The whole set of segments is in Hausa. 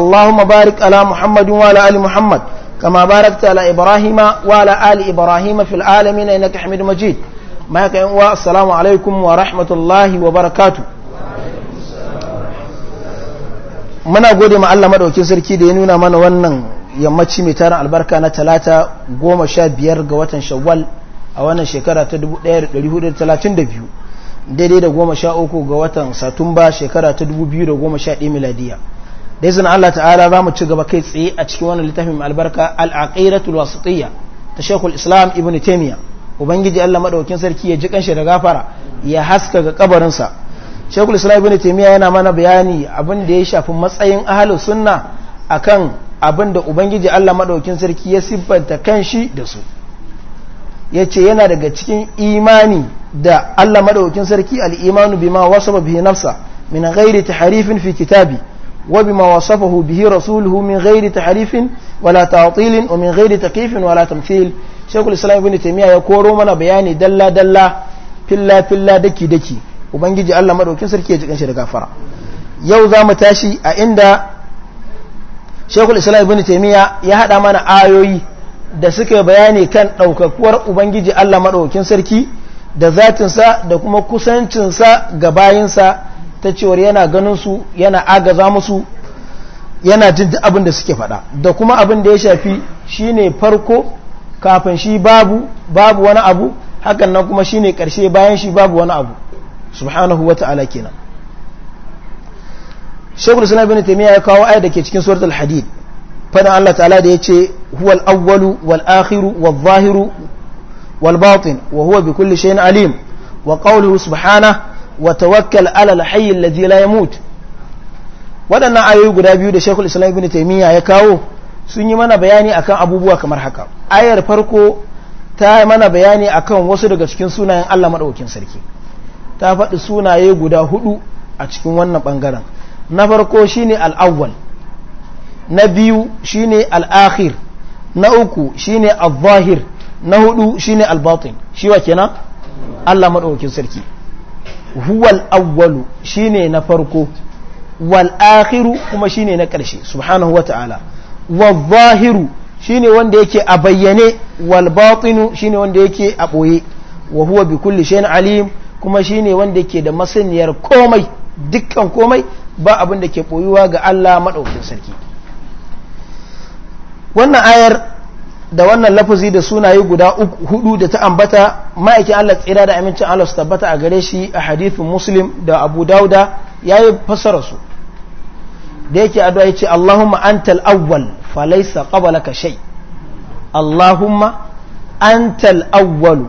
اللهم بارك على محمد وعلى آل محمد كما باركت على إبراهيم وعلى آل إبراهيم في العالمين إنك حميد مجيد ما السلام عليكم ورحمة الله وبركاته muna gode ma Allah madaukin sarki da ya nuna mana wannan yammaci mai tarin albarka na talata goma sha biyar ga watan shawwal a wannan shekara ta 1432 daidai da goma sha uku ga watan satumba shekara ta 2011 miladiya da izinin Allah ta'ala za mu ci gaba kai tsaye a cikin wannan littafin albarka al-aqidatul wasatiyya ta Sheikhul Islam Ibn Taymiyyah ubangiji Allah madaukin sarki ya ji kanshi da gafara ya haska ga kabarin sa Sheikhul Islam Ibn Taymiyyah yana mana bayani abin da ya shafi matsayin ahlus sunna akan abin da ubangiji Allah madaukin sarki ya siffanta kanshi da su yace yana daga cikin imani da Allah madaukin sarki al-imanu bima wasaba bihi nafsa min ghairi tahrifin fi kitabi وبما وصفه به رسوله من غير تحريف ولا تعطيل ومن غير تكييف ولا تمثيل شيخ الإسلام ابن تيمية يقول منا بياني دلا دلا فلا فلا دكي دكي وبنجي الله مدوكين سركي يجيكن شي غفرة yau za mu tashi a inda shekul islam ibn taimiyya ya haɗa mana ayoyi da suka bayani kan ɗaukakuwar ubangiji allah maɗaukin sarki da zatinsa da kuma kusancinsa ga bayinsa ta cewar yana ganin su yana agaza musu yana jin abin da suke faɗa da kuma abin da ya shafi shine farko kafin shi babu babu wani abu hakan nan kuma shine karshe bayan shi babu wani abu subhanahu wata'ala kenan shekul islam bin taimiyya ya kawo ayat da ke cikin suratul hadid fadan Allah ta'ala da ya ce huwal awwalu wal akhiru wal zahiru wal batin wa huwa bi kulli shay'in alim wa qawluhu subhanahu wa tawakkal ala alhayy alladhi la yamut waɗannan ayoyi guda biyu da Sheikhul Islam Ibn Taymiyyah ya kawo sun yi mana bayani akan abubuwa kamar haka ayar farko ta mana bayani akan wasu daga cikin sunayen Allah madaukakin sarki ta faɗi sunaye guda hudu a cikin wannan bangaren na farko shine al-awwal na biyu shine al-akhir na uku shine al-zahir na hudu shine al-batin shi wa kenan Allah madaukakin sarki huwal awwalu shine na farko wal akhiru kuma shine na ƙarshe subhanahu ta'ala wal zahiru shine wanda yake a bayyane wal batinu shine wanda yake a ɓoye wa huwa bi kulli shay'in alim kuma shine wanda yake da masaniyar komai dukkan komai ba abin da ke boyuwa ga Allah madaukakin sarki wannan ayar da wannan lafazi da sunaye guda hudu da ta ambata ma'aikin Allah tsira da amincin Allah su tabbata a gare shi a hadithin muslim da abu dauda ya yi fasara su da yake addu'a yace Allahumma antal awwal fa laysa qablaka shay Allahumma antal awwal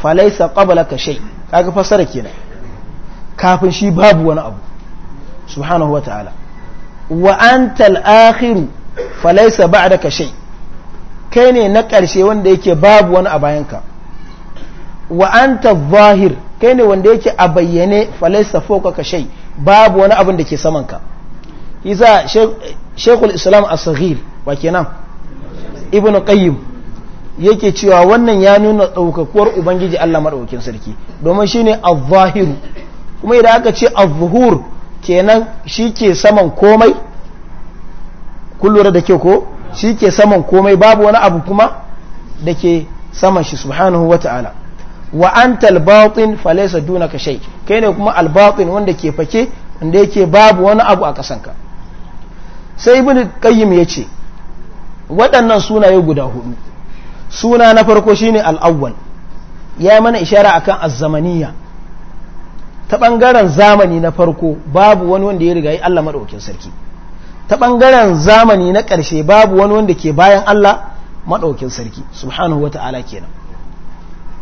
fa laysa qablaka shay kaga fasara kenan kafin shi babu wani abu subhanahu wa ta'ala wa antal akhir fa laysa ba'daka shay' kai ne na ƙarshe wanda yake babu wani a bayanka wa anta zahir kai ne wanda yake a bayyane falaisa foka ka shai babu wani abin da ke samanka isa shekul islam a sahir wa kenan ibn qayyim yake cewa wannan ya nuna ɗaukakuwar ubangiji allah maɗaukin sarki domin shi ne a zahiru kuma idan aka ce a zuhur kenan shi ke saman komai kun da ke ko shi ke saman komai babu wani abu kuma da ke saman shi subhanahu wa ta'ala wa anta al-batin falaysa dunaka shay kai ne kuma al-batin wanda ke fake wanda yake babu wani abu a kasanka sai ibnu ya ce waɗannan sunaye guda hudu suna na farko shine al-awwal ya mana ishara akan az-zamaniyya ta ɓangaren zamani na farko babu wani wanda ya riga yi Allah maɗaukin sarki ta ɓangaren zamani na ƙarshe babu wani wanda ke bayan Allah maɗaukin sarki subhanahu wa ta'ala kenan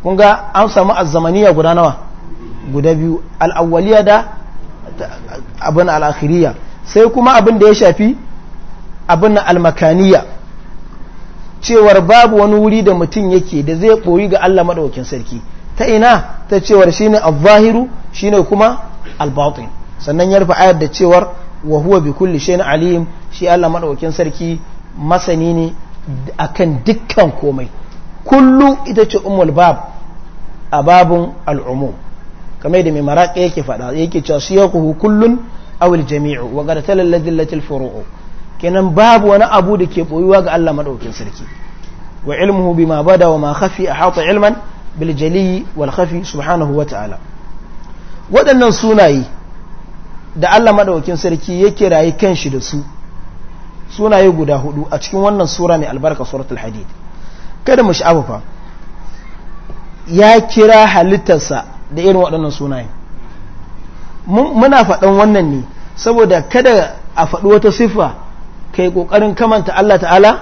kun ga an samu azamaniya guda nawa guda biyu al'awwaliya da abin al'akhiriya sai kuma abin da ya shafi abin almakaniya cewar babu wani wuri da mutum yake da zai ɓoyi ga Allah maɗaukin sarki ta ina ta cewar shine al shine kuma al sannan ya rufe ayar da cewar wa huwa bi kulli shay'in alim shi Allah madaukakin sarki masani ne akan dukkan komai kullu ita ce ummul bab a babun al'umum kamar da mai maraƙa yake faɗa yake cewa kuhu kullun aw jamiu wa qad talalla dillatil furu'u kenan babu wani abu da ke ɓoyuwa ga Allah maɗaukin sarki wa ilmuhu ma bada wa ma khafi ahata ilman bil jali wal khafi subhanahu wa ta'ala waɗannan sunaye da Allah madaukin sarki ya rayi kanshi da su sunaye guda hudu a cikin wannan sura mai albarka suratul hadid kada mu sha'abu fa ya kira halittarsa da irin waɗannan sunaye. muna faɗan wannan ne saboda kada a faɗi wata siffa kai ƙoƙarin kamanta Allah ta'ala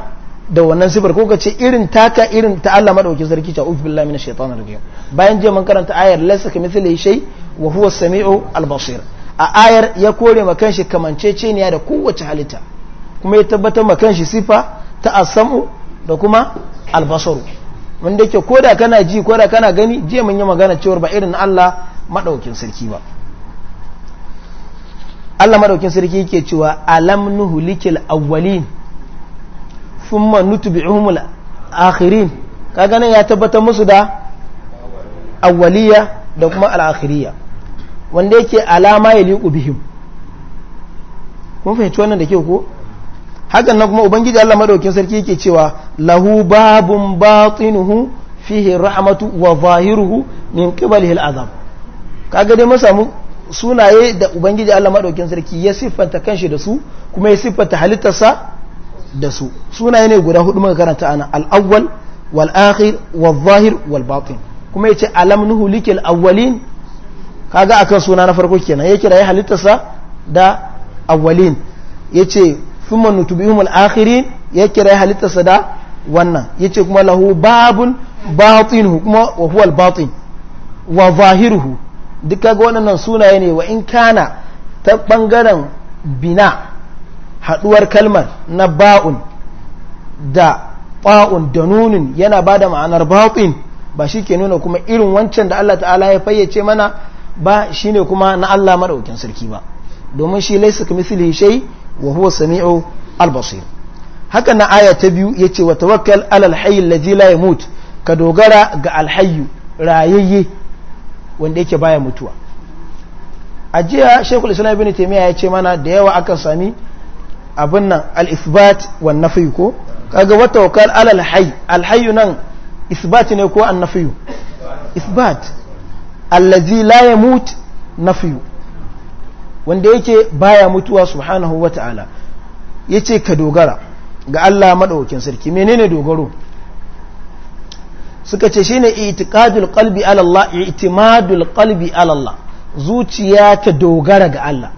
da wannan siffar ko ka ce irin taka irin ta Allah madaukin sarki ta ubi billahi minash shaitanir rajim bayan je mun karanta ayar laysa kamithlihi shay wa huwa as-sami'u al-basir a ayar ya kore makan shi kamanceceniya da kowace halitta kuma ya tabbatar makan shi sifa ta asamu da kuma albasaru wanda yake koda kana ji koda kana gani je mun yi magana cewa ba irin Allah madaukin sarki ba Allah madaukin sarki yake cewa alam nuhlikil awwalin thumma nutbi'uhum al-akhirin kaga nan ya tabbata musu da awwaliya da kuma al akhiriyah wanda yake alama ya liƙu bihim kuma fahimci wannan da ke ko hakan na kuma ubangiji Allah madaukin sarki yake cewa lahu babun batinuhu fihi rahmatu wa zahiruhu min qibalihi azab kaga dai mun samu sunaye da ubangiji Allah madaukin sarki ya siffanta kanshi da su kuma ya siffanta halittarsa da su sunaye ne guda hudu muka karanta ana al-awwal wal akhir wal zahir wal batin kuma yace alam likil awwalin kaga akan suna na farko kenan ya kira ya halittarsa da awwalin yace thumma nutubihum al-akhirin ya kira ya sa da wannan yace kuma lahu babun batinuhu kuma wa huwa al-batin wa zahiruhu duk kaga wannan sunaye ne wa in kana ta bangaren bina haduwar kalmar na ba'un da ba'un da nunin yana bada ma'anar batin ba shi ke nuna kuma irin wancan da Allah ta'ala ya fayyace mana ba shine kuma na Allah maraukin sarki ba domin shi laysa kamithlihi shai wa huwa samiu albasir haka na aya ta biyu yace wa tawakkal alal hayy alladhi la yamut ka dogara ga alhayyu rayayye wanda yake baya mutuwa a jiya shekul islam ibn taimiyya ya ce mana da yawa aka sami abin nan al-isbat nafi ko kaga wata wakal alal hayy nan isbat ne ko an nafi isbat allazi la yamut nafiyu wanda yake baya mutuwa subhanahu wata'ala yace ka dogara ga Allah madaukakin sarki menene dogaro suka ce shine itiqadul qalbi ala Allah itimadul qalbi ala Allah zuciya ta dogara ga Allah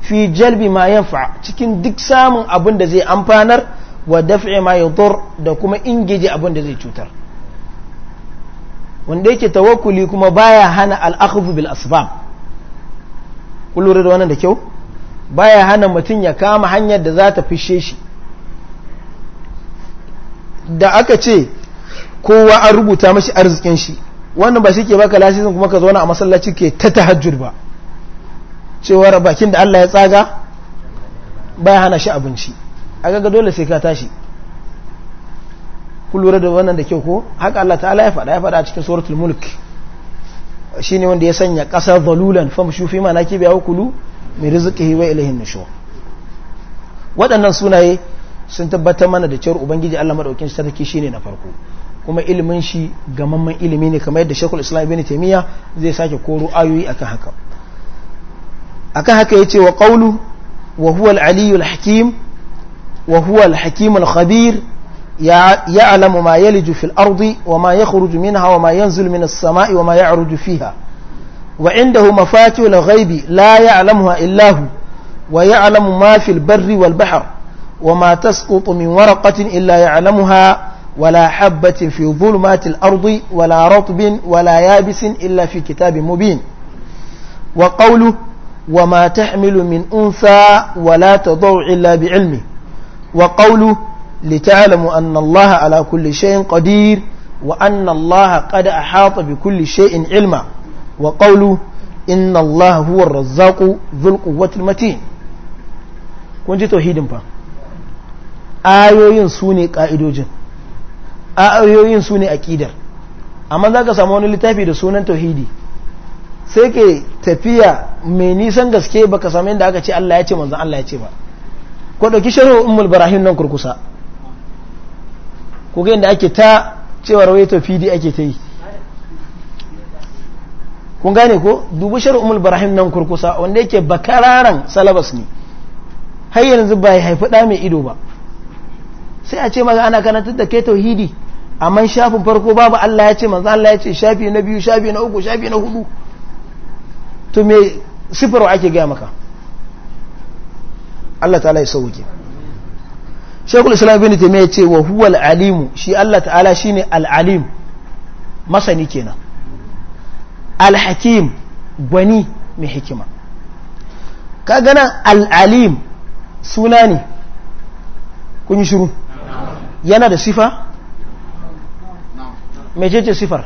fi jalbi ma yanfa cikin duk samun abin da zai amfanar wa daf'i ma yadur da kuma ingeje abin da zai cutar wanda yake tawakuli kuma baya hana al'akhdhu bil asbab kullure lura da wannan da kyau baya hana mutum ya kama hanyar da za ta fishe shi da aka ce kowa an rubuta mashi arzikin shi wannan ba shi ke baka lasisin kuma ka zauna a masallaci ke ta tahajjud ba cewa bakin da Allah ya tsaga baya hana shi abinci aga ga dole sai ka tashi Ku lura da wannan da kyau ko haka Allah ta'ala ya faɗa ya faɗa a cikin suratul mulk shine wanda ya sanya ƙasa zalulan famshu fi manakibi kulu mai rizqihi wa ilahin nisho. waɗannan sunaye sun tabbatar mana da cewar ubangiji Allah madaukakin sarki shine na farko kuma ilimin shi gamamman ilimi ne kamar yadda Sheikhul Islam Ibn Taymiyyah zai sake koro ayoyi akan haka akan haka yace wa qawlu wa huwa al-aliyyul hakim wa huwa al-hakimul khabir يعلم ما يلج في الأرض وما يخرج منها وما ينزل من السماء وما يعرج فيها وعنده مفاتح الغيب لا يعلمها إلا هو ويعلم ما في البر والبحر وما تسقط من ورقة إلا يعلمها ولا حبة في ظلمات الأرض ولا رطب ولا يابس إلا في كتاب مبين وقوله وما تحمل من أنثى ولا تضع إلا بعلمه وقوله لتعلموا أن الله على كل شيء قدير وأن الله قد أحاط بكل شيء علما وقوله إن الله هو الرزاق ذو القوة المتين كنت توحيد فا آيوين سوني قائدوجن آيوين سوني أكيدر amma za ka samu wani littafi da sunan tauhidi sai ke tafiya mai nisan gaske baka samu inda aka ce Allah ya ce manzan Allah ya ce ba ko ɗauki shari'a ummul barahim nan kurkusa ku ga yadda ake ta cewar waito fidi ake ta yi kun gane ko dubu shari'umul barahim nan kurkusa wanda yake bakararan salabas ne har yanzu ba ya haifi ɗa mai ido ba sai a ce maka ana karantar da ke tauhidi amma shafin farko babu Allah ya ce manzo Allah ya ce shafi na biyu shafi na uku shafi na hudu to me sifar ake gaya maka Allah ta ya sauke shekul islam bin taimai ya ce wa huwal alimu shi Allah ta'ala shi ne al'alim masani kenan al-hakim gwani mai hikima ka gana al'alim suna ne kun yi shuru yana da sifa mai ce sifar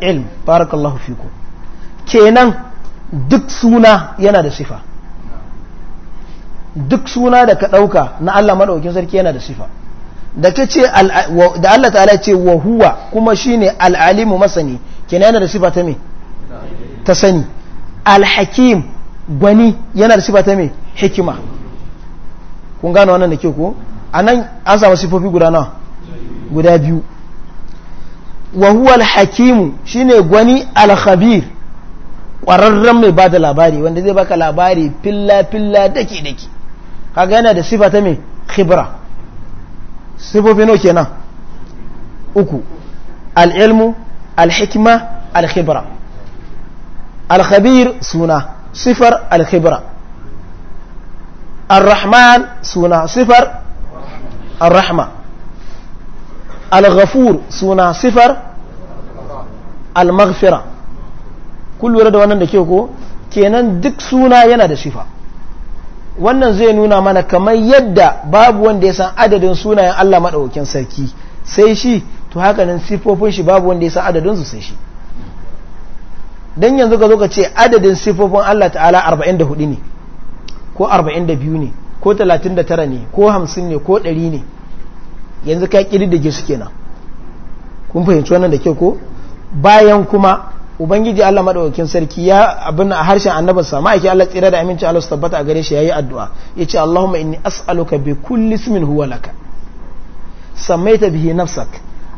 ilm barakallahu fiku kenan duk suna yana da sifa duk suna da ka ɗauka na Allah maɗaukin sarki yana da sifa da ka ce da Allah ta'ala ce wa huwa kuma shine al'alimu masani kina yana da sifa ta me ta sani al-hakim gwani yana da sifa ta me hikima kun gane wannan da ke ko anan an samu sifofi guda nawa guda biyu wa huwa al-hakim shine gwani al-khabir ƙwararren mai ba da labari wanda zai baka labari filla-filla dake-dake kaga yana da sifa ta mai khibra sifofi kenan uku al'ilmu al-hikma al-khibra al suna sifar al-khibra الرحمن سنة suna sifar الغفور سنة صفر المغفرة كل da kyau ko kenan duk suna yana da sifa wannan zai nuna mana kamar yadda babu wanda ya san adadin sunayen Allah maɗaukin sarki sai shi to haka nan sifofin shi babu wanda ya san adadin su sai shi dan yanzu ka zo ka ce adadin sifofin Allah ta'ala 44 ne ko 42 ne ko 39 ne ko 50 ne ko 100 ne yanzu ka ke su kenan kun fahimci wannan da ke ko bayan kuma ubangiji Allah madaukakin sarki ya abin a harshen annabin sa ma'aiki Allah tsira da aminci Allah su tabbata a gare shi yayi addu'a yace Allahumma inni as'aluka bi kulli ismin huwa laka samaita bihi nafsak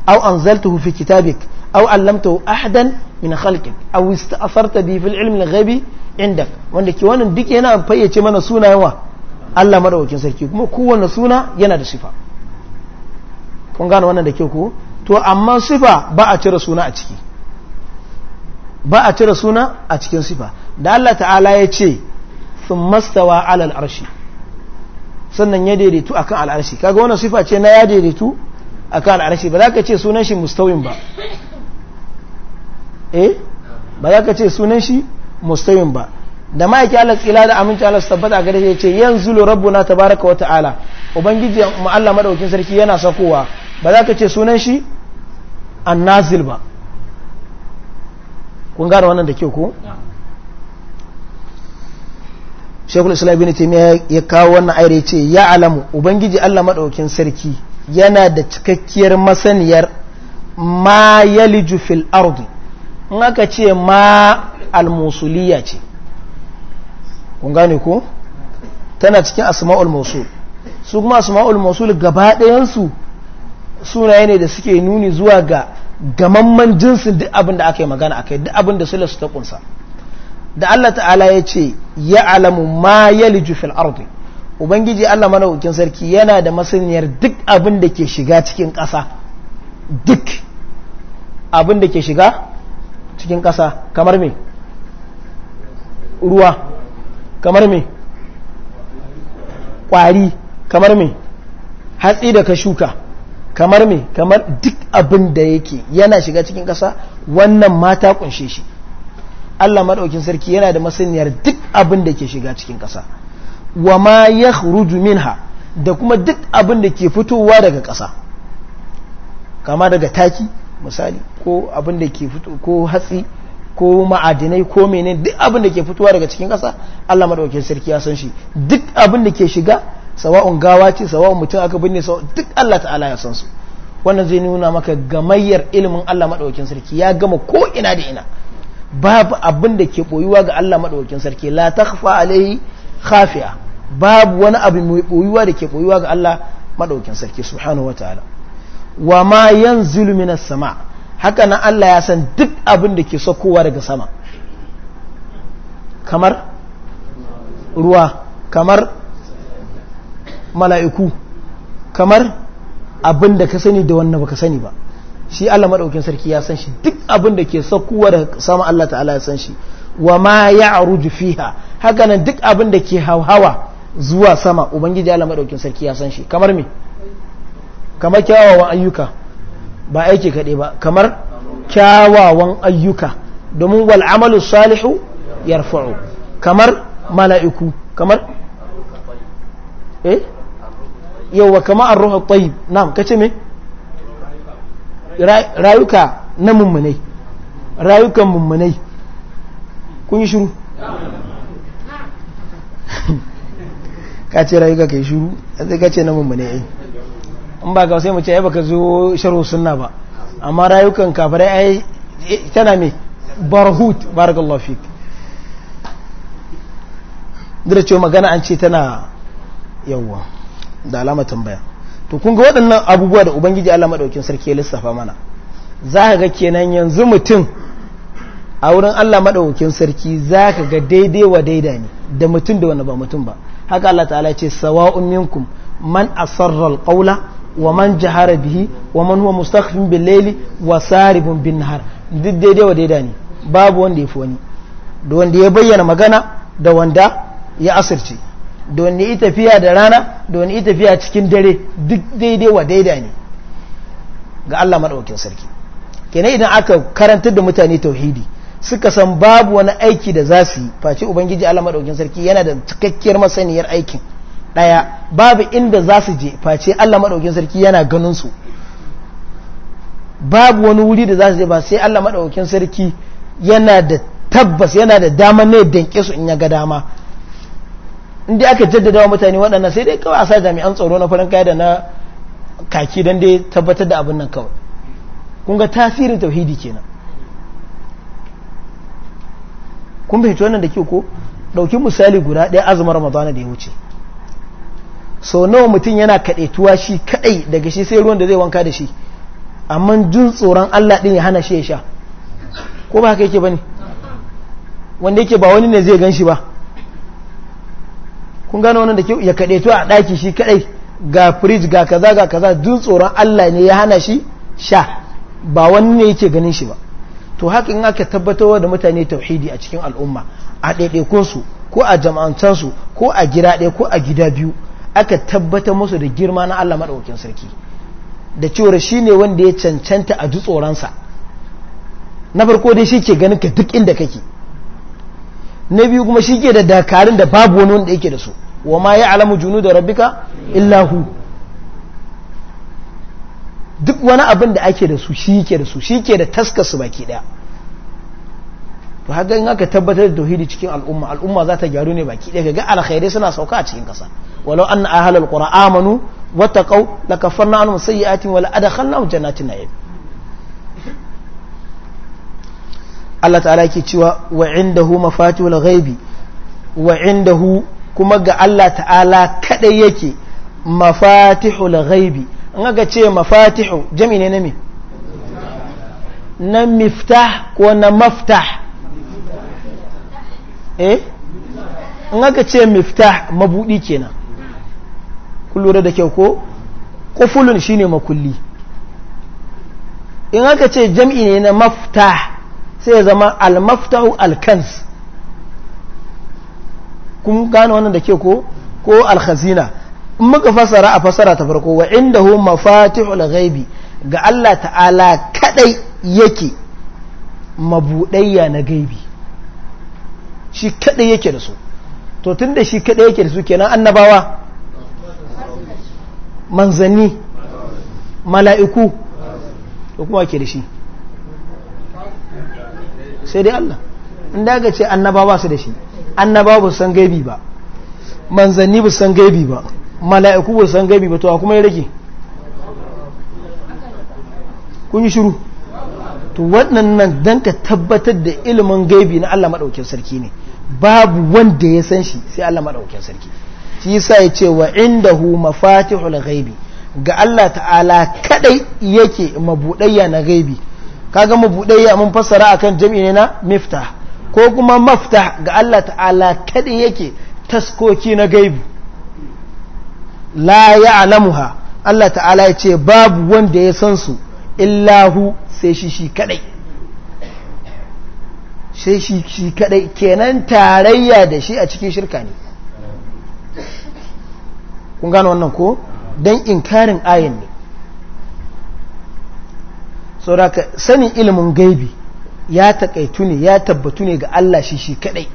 aw anzaltahu fi kitabik aw allamtahu ahadan min khalqik aw ista'farta bihi fil ilmi al-ghaibi indak wanda ke wannan duk yana fayyace mana suna wa Allah madaukakin sarki kuma kowanne suna yana da sifa kun gane wannan da ke ku to amma sifa ba a cire suna a ciki ba a cire suna a cikin sifa da Allah ta'ala ya ce sun mastawa alal arshi sannan ya daidaitu akan al'arshi kaga wannan sifa ce na ya daidaitu akan al'arshi ba za ka ce sunan shi mustawin ba eh ba za ka ce sunan shi mustawin ba da ma'aiki Allah tsila da aminci Allah su tabbata ga dace ce yanzu lo na tabaraka wa ta'ala ubangiji mu Allah madaukin sarki yana sakowa ba za ka ce sunan shi annazil ba kun gane wannan da ke ko shekul islam bin taymiya ya kawo wannan aire ce ya alamu ubangiji Allah maɗaukin sarki yana da cikakkiyar masaniyar ma liju fil ardi in aka ce ma almusuliya ce kun gane ko tana cikin asma'ul musul su kuma asma'ul musul gaba ɗayansu sunaye ne da suke nuni zuwa ga gamamman jinsin duk abin da aka yi magana akai duk abin da sulasu ta kunsa da Allah ta'ala ya ce ya alamu ma liju fil ardi ubangiji Allah mana hukin sarki yana da masaniyar duk abin da ke shiga cikin ƙasa duk abin da ke shiga cikin ƙasa kamar me ruwa kamar me kwari kamar me hatsi da ka shuka kamar me kamar duk abin da yake yana shiga cikin kasa wannan mata kunshe shi Allah maɗaukin sarki yana da masaniyar duk abin da ke shiga cikin ƙasa wa ma ya minha da kuma duk abin da ke fitowa daga ƙasa kama daga taki misali ko abin da ke fito ko hatsi ko ma'adinai ko menene duk abin da ke fitowa daga cikin kasa Allah maɗaukin sarki ya san shi duk abin da ke shiga sawa'un gawa ce sawa'un mutum aka binne duk Allah ta'ala ya san su wannan zai nuna maka gamayyar ilimin Allah madaukakin sarki ya gama ko ina da ina babu abin da ke boyuwa ga Allah madaukakin sarki la takhfa alaihi babu wani abu mai boyuwa da ke boyuwa ga Allah madaukakin sarki subhanahu wataala wa ma yanzilu minas sama haka nan Allah ya san duk abin da ke saukowa daga sama kamar ruwa kamar mala'iku kamar abin da ka sani da wannan ba ka sani ba shi Allah maɗaukin sarki ya san shi duk abin da ke saukowa da sama Allah ta'ala ya san shi wa ma ya'ruju fiha haka nan duk abin da ke hauhawa zuwa sama ubangiji Allah maɗaukin sarki ya san shi kamar me kamar kyawawan ayyuka ba aiki kaɗai ba kamar kyawawan ayyuka domin wal amalu salihu yarfa'u kamar mala'iku kamar eh yauwa kama an ruhu tayyib na'am kace me rayuka na mummunai rayukan mummunai kun yi shiru kace rayuka kai shiru sai ka ce na mummunai ai eh. in ba ka sai mu ce baka zo sharhu sunna ba amma rayukan kafirai ai eh, tana me barhut barakallahu fik dira ce magana an ce tana yawwa da alama tambaya to kun ga waɗannan abubuwa da ubangiji Allah madaukin sarki ya lissafa mana za ka ga kenan yanzu mutum a wurin Allah madaukin sarki za ka ga daidai wa daida ne da mutum da wani ba mutum ba haka Allah ta'ala ce sawa'un minkum man asarra alqawla wa man jahara bihi wa man huwa mustakhfin bil layli wa saribun bin nahar duk daidai wa daida ne babu wanda ya fi wani da wanda ya bayyana magana da wanda ya asirce don yi tafiya da rana don yi tafiya cikin dare duk daidai wa daida ne ga Allah maɗaukin sarki kenan idan aka karantar da mutane tauhidi suka san babu wani aiki da za su yi face ubangiji Allah maɗaukin sarki yana da cikakkiyar masaniyar aikin ɗaya babu inda za su je face Allah maɗaukin sarki yana ganin su babu wani wuri da za su je ba sai Allah maɗaukin sarki yana da tabbas yana da dama ne danke su in ya ga dama inda aka jaddada wa mutane waɗannan sai dai kawai a sa jami'an tsaro na farin kayan da na kaki don dai tabbatar da abin nan kawai kun ga tasirin tauhidi kenan kun bai nan da ke ko ɗauki misali guda ɗaya azumin ramadana da ya wuce so nawa mutum yana kaɗaituwa shi kaɗai daga shi sai ruwan da zai wanka da shi amma jin tsoron allah ɗin ya hana shi ya sha ko ba haka yake ba ne wanda yake ba wani ne zai gan shi ba kun gano wannan da kyau ya to a ɗaki shi kaɗai ga firij ga kaza ga kaza duk tsoron Allah ne ya hana shi sha ba wani ne yake ganin shi ba to haka in aka tabbatar da mutane tauhidi a cikin al'umma a ɗaiɗaikunsu ko a jama'ancansu ko a gida ɗaya ko a gida biyu aka tabbatar musu da girma na Allah maɗaukin sarki da cewar shi ne wanda ya cancanta a tsoron tsoronsa na farko dai shi ke ganin ka duk inda kake na biyu kuma shi ke da dakarun da babu wani wanda yake da su wa ma ya'lamu junuda rabbika illa hu duk wani abin da ake da su shi ke da su shi ke da taskasu baki daya to haka in aka tabbatar da tauhidi cikin al'umma al'umma za ta gyaru ne baki daya ga alkhairai suna sauka a cikin kasa walau anna ahlul qura amanu wattaqau lakafarna anhum sayyi'atin wa la'adkhalnahum jannatin na'im Allah ta'ala yake cewa wa indahu mafatihul ghaibi wa indahu kuma ga Allah ta'ala kadai yake mafatihu ghaibi an ga ce mafatihu jami ne na me na miftah ko na maftah eh an ga ce miftah mabudi kenan ku lura da kyau ko kufulun shine makulli in aka ce jam'i ne na maftah sai ya zama al-maftahu al-kans kun gane wannan da ke ko ko alhazina in muka fasara a fasara ta farko wa inda hu mafatihul ghaibi ga Allah ta'ala kadai yake mabudayya na gaibi shi kadai yake da su to tunda shi kadai yake da su kenan annabawa manzanni mala'iku to kuma ke da shi sai dai Allah inda ga ce annabawa su da shi annaba ba san gaibi ba manzanni ba san gaibi ba mala'iku ba san gaibi ba to a kuma ya rage kun yi shiru to wannan nan don ka tabbatar da ilimin gaibi na Allah maɗaukin sarki ne babu wanda ya san shi sai Allah maɗaukin sarki shi yasa ya ce wa indahu mafatihul ghaibi ga Allah ta'ala kadai yake mabudayya na gaibi kaga mabudayya mun fassara akan jami'i ne na miftah ko kuma mafta ga Allah ta'ala kaɗai yake taskoki na gaibu la ya alamuha Allah ta'ala ya ce babu wanda ya san su illahu sai shi shi kaɗai sai shi shi kaɗai kenan tarayya da shi a cikin shirka ne kun gano wannan ko don inkarin ayin ne saboda sanin ilimin gaibi ya taƙaitu ne ya tabbatu ne ga Allah shi shi kaɗai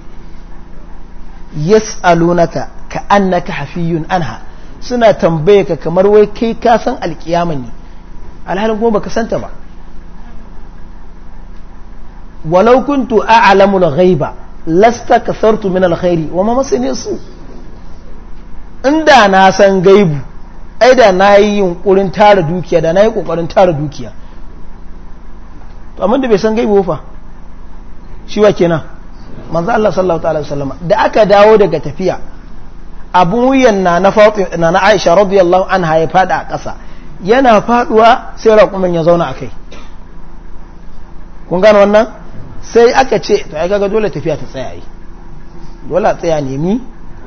yas'alunaka ka annaka hafiyun anha suna tambaye ka kamar wai kai ka san alkiyama ne alhalin kuma baka santa ba walau kuntu a'lamu al-ghaiba lasta kasartu min al-khairi wa ma masani su inda na san gaibu ai da nayi yunkurin tara dukiya da nayi kokarin tara dukiya to amma da bai san gaibu fa shi wa kenan manzo Allah sallallahu alaihi wasallam da aka dawo daga tafiya abun wuyan na na Fatima na na Aisha radiyallahu anha ya fada a ƙasa yana faduwa sai raƙumin ya zauna akai kun gano wannan sai aka ce to ai kaga dole tafiya ta tsaya yi dole a tsaya nemi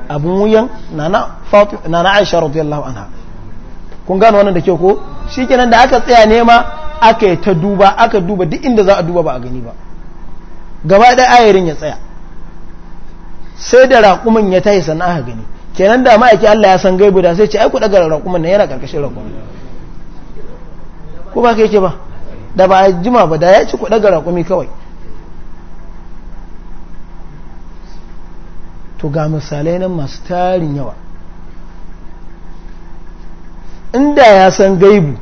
abun wuyan na na Aisha radiyallahu anha kun gano wannan da ke ko shikenan da aka tsaya nema aka yi ta duba aka duba duk inda za a duba ba a gani ba gaba da ayarin ya tsaya sai da raƙumin ya tahi sannan aka gani kenan da ma'aiki Allah ya san gaibu da sai ce ai ku daga raƙumin nan yana karkashin raƙumin ko ba ka yake ba da ba jima ba da ya ci ku daga raƙumi kawai to ga misalai nan masu tarin yawa inda ya san gaibu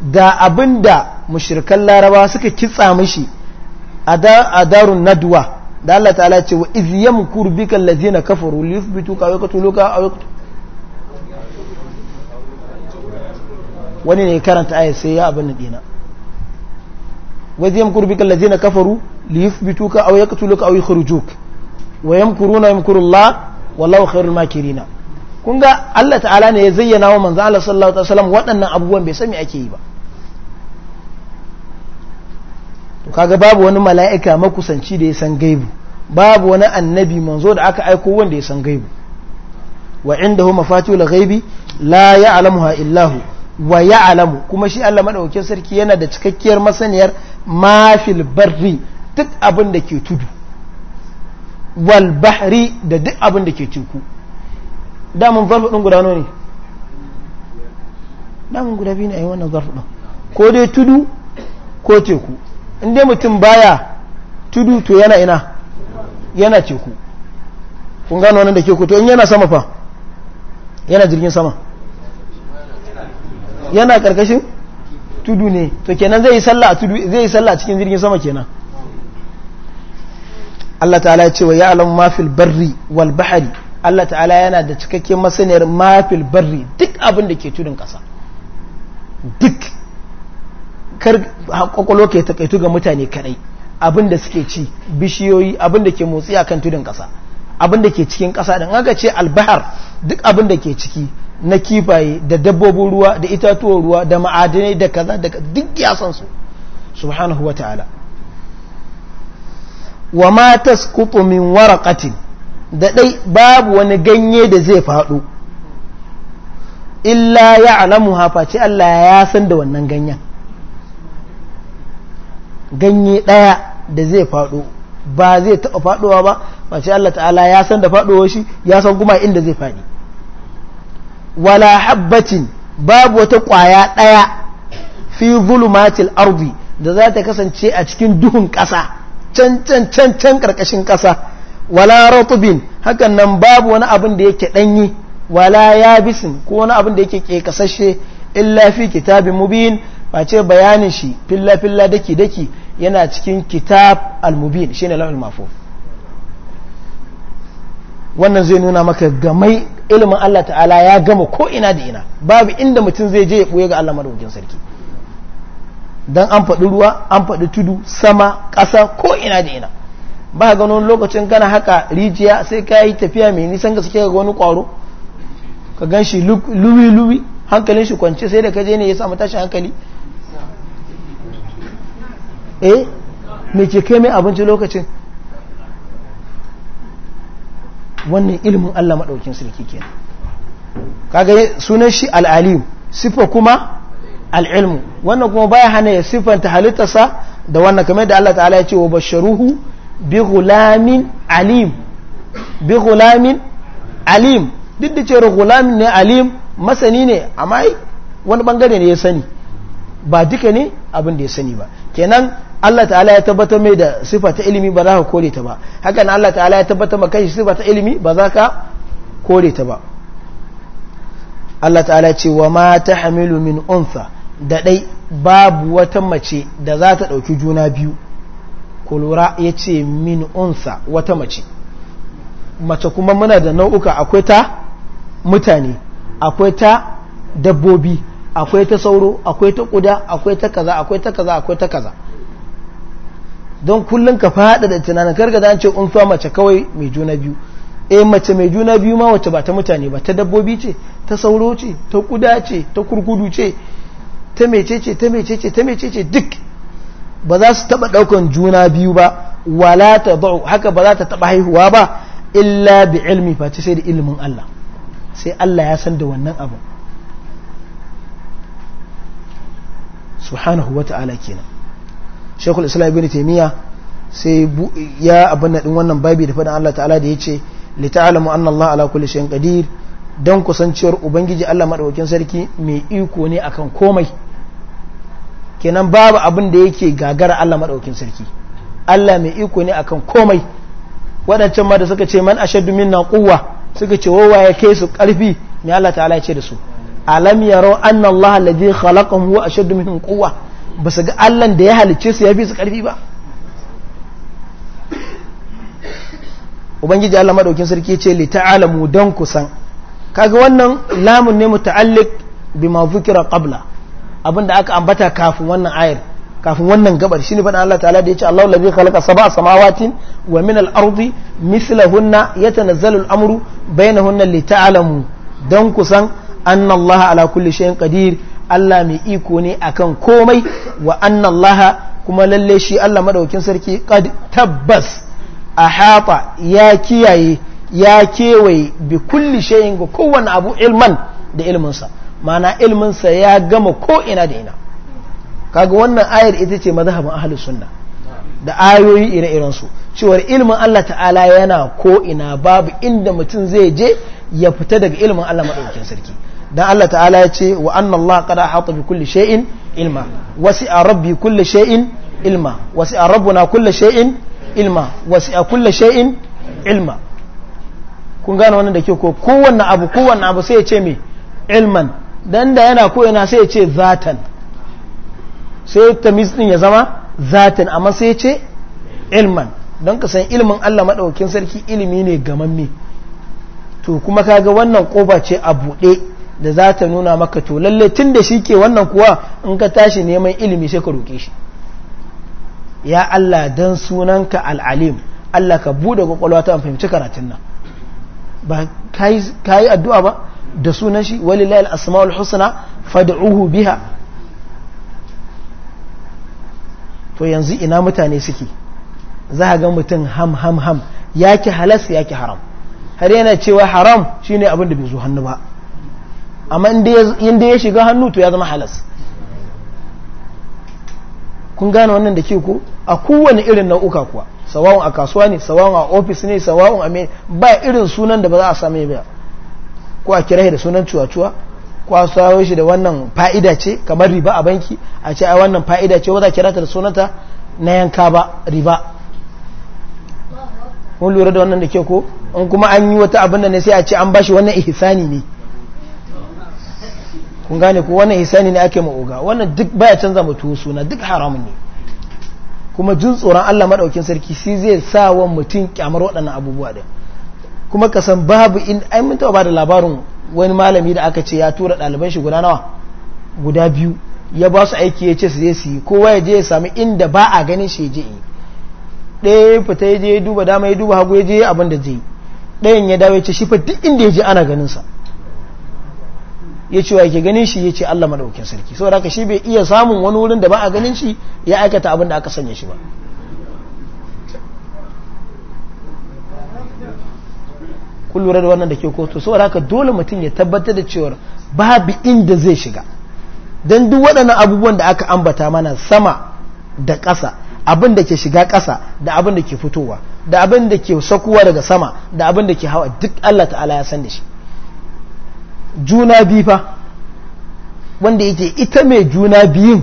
da abin da mushrikan laraba suka kitsa mashi a darun naduwa da Allah ta'ala ce wa iz yamkur bika allazina kafaru li yuthbituka aw yaqtuluka aw wani ne karanta ayat sai ya abin dina wa iz yamkur bika allazina kafaru li yuthbituka aw yaqtuluka aw yukhrijuk wa yamkuruna yamkuru Allah wallahu khairul makirina kun ga Allah ta'ala ne ya zayyana wa manzo Allah sallallahu alaihi wasallam waɗannan abubuwan bai sani ake yi ba to kaga babu wani mala'ika makusanci da ya san gaibu babu wani annabi manzo da aka aiko wanda ya san gaibu wa indahu mafatihul ghaibi la ya'lamuha illa hu wa ya'lamu kuma shi Allah madaukakin sarki yana da cikakkiyar masaniyar ma fil barri duk abin da ke tudu wal bahri da duk abin da ke da mun zarfu din guda ne damun guda bi ne a yi wannan zarfu din ko dai tudu ko teku in dai mutum baya tudu to yana ina yana teku kun gano nan da ke to in yana sama fa yana jirgin sama yana karkashin tudu ne to kenan zai yi sallah a tudu zai yi sallah a cikin jirgin sama kenan Allah ta'ala ya ce wa ya'lamu ma fil barri wal bahri Allah ta'ala yana da cikakken masaniyar ma fil barri duk abin da ke tudun kasa duk kar kwakwalo ke takaitu ga mutane kadai abinda suke ci bishiyoyi abinda ke motsi a kan tudun ƙasa abinda ke cikin ƙasa don haka ce albahar duk abinda ke ciki na kifaye da dabbobin ruwa da itatuwan ruwa da ma'adinai da kaza da duk ya san su subhanahu wa ta'ala wa ma tasqutu min waraqatin da dai babu wani ganye da zai faɗo illa ya'lamuha face Allah ya san da wannan ganyen ganye ɗaya da zai faɗo ba zai taɓa faɗowa ba mace Allah ta'ala ya san da faɗowa shi ya san kuma inda zai faɗi wala habbatin babu wata ƙwaya ɗaya fi zulumatil ardi da za ta kasance a cikin duhun ƙasa can can can can ƙarƙashin ƙasa wala ratubin hakan nan babu wani abin da yake ɗanyi wala yabisin ko wani abin da yake ƙeƙasashe illa fi kitabin mubin ce bayanin shi filla filla daki daki yana cikin kitab al-mubin shine la'ul mahfuz wannan zai nuna maka gamai ilimin Allah ta'ala ya gama ko ina da ina babu inda mutum zai je ya ɓoye ga Allah madaukakin sarki don an faɗi ruwa an faɗi tudu sama ƙasa ko ina da ina ba gano wani lokacin kana haka rijiya sai ka yi tafiya mai nisan ga suke ga wani ƙwaro ka gan shi luwi-luwi hankalin shi kwance sai da ka je ne ya samu tashi hankali eh mai ke kai mai abinci lokacin wannan ilimin Allah maɗaukin sarki ke kaga sunan shi al'alim sifa kuma al'ilmu wannan kuma baya hana ya sifanta halittarsa da wannan kamar da Allah ta'ala ya ce wa basharuhu bi gulamin alim bi gulamin alim duk da gulamin ne alim masani ne amma wani bangare ne ya sani ba duka ne abin da ya sani ba kenan Allah ta'ala ya tabbatar mai da sifa ta ilimi ba za ka kore ta ba hakan Allah ta'ala ya tabbatar ma shi sifa ta ilimi ba za ka kore ta ba Allah ta'ala ce wa ma ta hamilu min unsa da dai babu wata mace da za ta ɗauki juna biyu kulura ya ce min unsa wata mace mace kuma muna da nau'uka akwai ta mutane akwai ta dabbobi akwai ta sauro akwai ta kuda akwai ta kaza akwai ta kaza akwai ta kaza don kullum ka fada da tunanin karga da ce unfa mace kawai mai juna biyu eh mace mai juna biyu ma wace ba ta mutane ba ta dabbobi ce ta sauro ce ta kuda ce ta kurkudu ce ta ce ta ce ta ce duk ba za su taba daukan juna biyu ba wala ta ba'u haka ba za ta taba haihuwa ba illa bi ilmi face sai da ilimin Allah sai Allah ya san da wannan abu subhanahu wa ta'ala kenan shekul islam ibn taimiyya sai ya abin naɗin wannan babi da faɗin allah ta'ala da ya ce li ta'lamu anna allah ala kulli shay'in qadir dan kusanciyar ubangiji allah madaukakin sarki mai iko ne akan komai kenan babu abin da yake gagara allah madaukakin sarki allah mai iko ne akan komai waɗancan ma da suka ce man ashaddu minna quwwa suka ce ya kai su karfi me allah ta'ala ya ce da su alam yaro anna Allah alladhi khalaqahum huwa ashaddu minhum quwwa basu ga Allah da ya halicce su yafi su karfi ba ubangiji Allah madaukin sarki ce li ta'alamu dan kusan kaga wannan lamun ne muta'alliq bima dhukira qabla abinda aka ambata kafin wannan ayar kafin wannan gabar shine faɗin Allah ta'ala da yace Allah allazi khalaqa sab'a samawati wa min al-ardi mithlahunna yatanazzalu al-amru bainahunna li ta'alamu dan kusan anna allaha ala kulli shay'in qadir Allah mai iko ne akan komai wa anna allaha kuma lalle shi Allah madaukin sarki qad tabbas ahata ya kiyaye ya kewaye bi kulli shay'in ga kowanne abu ilman da ilminsa mana ilminsa ya gama ko ina da ina kaga wannan ayar ita ce mazhabin ahli sunna da ayoyi ire-iren su cewar ilmin Allah ta'ala yana ko ina babu inda mutum zai je ya fita daga ilimin Allah maɗaukin sarki don Allah ta'ala ya ce wa anna Allah qad ahata bi kulle shay'in ilma a rabbi kulle shay'in ilma wasi'a rabbuna kulle shay'in ilma a kulle shay'in ilma kun gane wannan da ke ko kowanne abu kowanne abu sai ya ce me ilman dan da yana ko yana sai ya ce zatan sai ta din ya zama zatan amma sai ya ce ilman don ka san ilimin Allah maɗaukin sarki ilimi ne gamamme to kuma kaga wannan koba ce a buɗe da za ta nuna maka to lalle tun da shi ke wannan kuwa in ka tashi neman ilimi sai ka roƙe shi ya Allah dan sunanka al'alim Allah ka buɗe kwakwalwa ta fahimci karatun nan ba ka yi addu'a ba da sunan shi walillahi al'asma'ul husna uhu biha to yanzu ina mutane suke za ga mutum ham ham ham ya ki halas ya ki haram har yana cewa haram shine abin da bai zo hannu ba amma inda ya shiga hannu to ya zama halas kun gane wannan da ke ko a kowane irin nau'uka kuwa sawa'un a kasuwa ne sawa'un a ofis ne sawa'un a mai ba irin sunan da ba za a same ba ko a kira da sunan cuwa-cuwa ko a sawo shi da wannan fa'ida ce kamar riba a banki a ce a wannan fa'ida ce wata kira ta da sunanta na yanka ba riba mun lura da wannan da ke ko in kuma an yi wata abin da ne sai a ce an bashi wannan ihsani ne kun gane ko wannan ihsani ne ake ma'oga wannan duk baya canza mutu suna duk haramun ne kuma jin tsoron Allah madaukin sarki shi zai sa wa mutum kyamar waɗannan abubuwa da kuma ka san babu in ai mun taɓa da labarin wani malami da aka ce ya tura ɗaliban shi guda nawa guda biyu ya ba su aiki ya ce su je su yi kowa ya je ya sami inda ba a ganin shi ya je yi ɗaya fita ya je ya duba dama ya duba hagu ya je abin da zai yi ɗayan ya dawo ya ce shi fa duk inda ya je ana ganin sa ya ce wa yake ganin shi ya ce Allah maɗaukin sarki saboda haka shi bai iya samun wani wurin da ba a ganin shi ya aikata abin da aka sanya shi ba kun da wannan da ke kotu saboda haka dole mutum ya tabbatar da cewar babu inda zai shiga don duk waɗannan abubuwan da aka ambata mana sama da ƙasa abin da ke shiga ƙasa da abin da ke fitowa da abin da ke sakuwa daga sama da abin da ke hawa duk Allah ta'ala ya san da shi juna biyu fa wanda yake ita mai juna biyun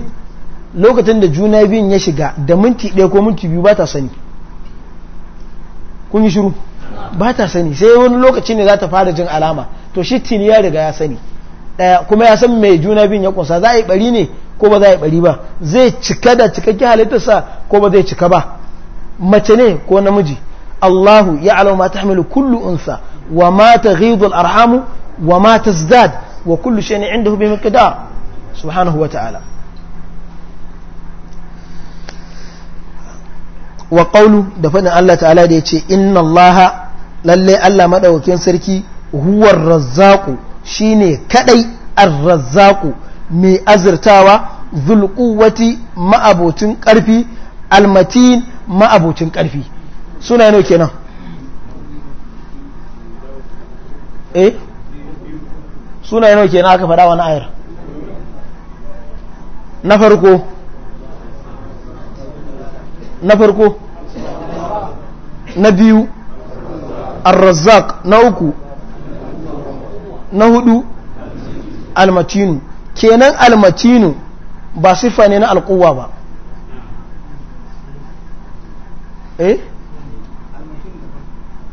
lokacin da juna biyun ya shiga da minti ɗaya ko minti biyu ba ta sani kun yi shiru ba ta sani sai wani lokaci ne za ta fara jin alama to shi tini ya riga ya sani ɗaya kuma ya san mai juna biyun ya kunsa za a yi bari ne ko ba za a yi ɓari ba zai cika da cikakken halittarsa ko ba zai cika ba mace ne ko namiji Allahu ya alamu ma tahmilu kullu unsa wa mata taghidul arhamu wa mata tazdad wa kullu shay'in inda bi miqdar subhanahu wa ta'ala wa qawlu da faɗin Allah ta'ala da yace inna Allah lalle Allah maɗaukin sarki huwar razzaqu shine kaɗai an razzaqu mai azurtawa zulquwati ma'abocin ƙarfi almatin ma'abucin ƙarfi suna yano kenan eh suna yano kenan aka faɗa wani ayar na farko na farko na biyu arrazzak na uku na hudu almatinu kenan almatinu ba siffa ne na alkuwa ba Eh?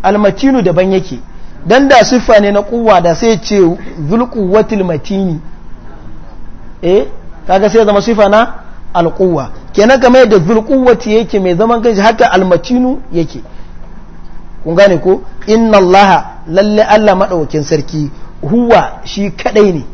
almatinu daban yake dan da siffa ne na kuwa da sai ce zulquwatil matini eh kaga sai zama siffa na alquwa kenan kamar yadda zulquwati yake mai zaman kanshi haka almatinu yake kun gane ko inna allaha lalle Allah maɗaukin sarki huwa shi kadai ne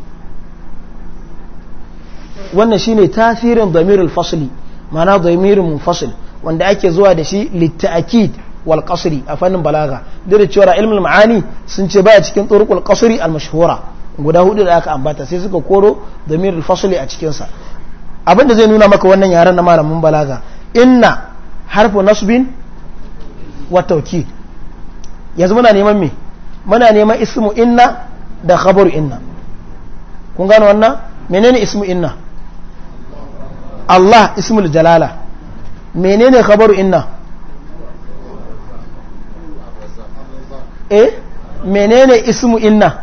wannan shine tasirin damirul fasli ma'ana damirul munfasil wanda ake zuwa da shi litta'akid wal qasri a fannin balaga duk da cewa ilmul ma'ani sun ce baya cikin turuqul qasri al mashhura guda hudu da aka ambata sai suka koro damir al fasli a cikin sa abin da zai nuna maka wannan yaren na malamin balaga inna harfu nasbin wa yanzu muna neman me muna neman ismu inna da khabaru inna kun gano wannan menene ismu inna Allah ismul jalala menene khabaru inna eh menene ismu inna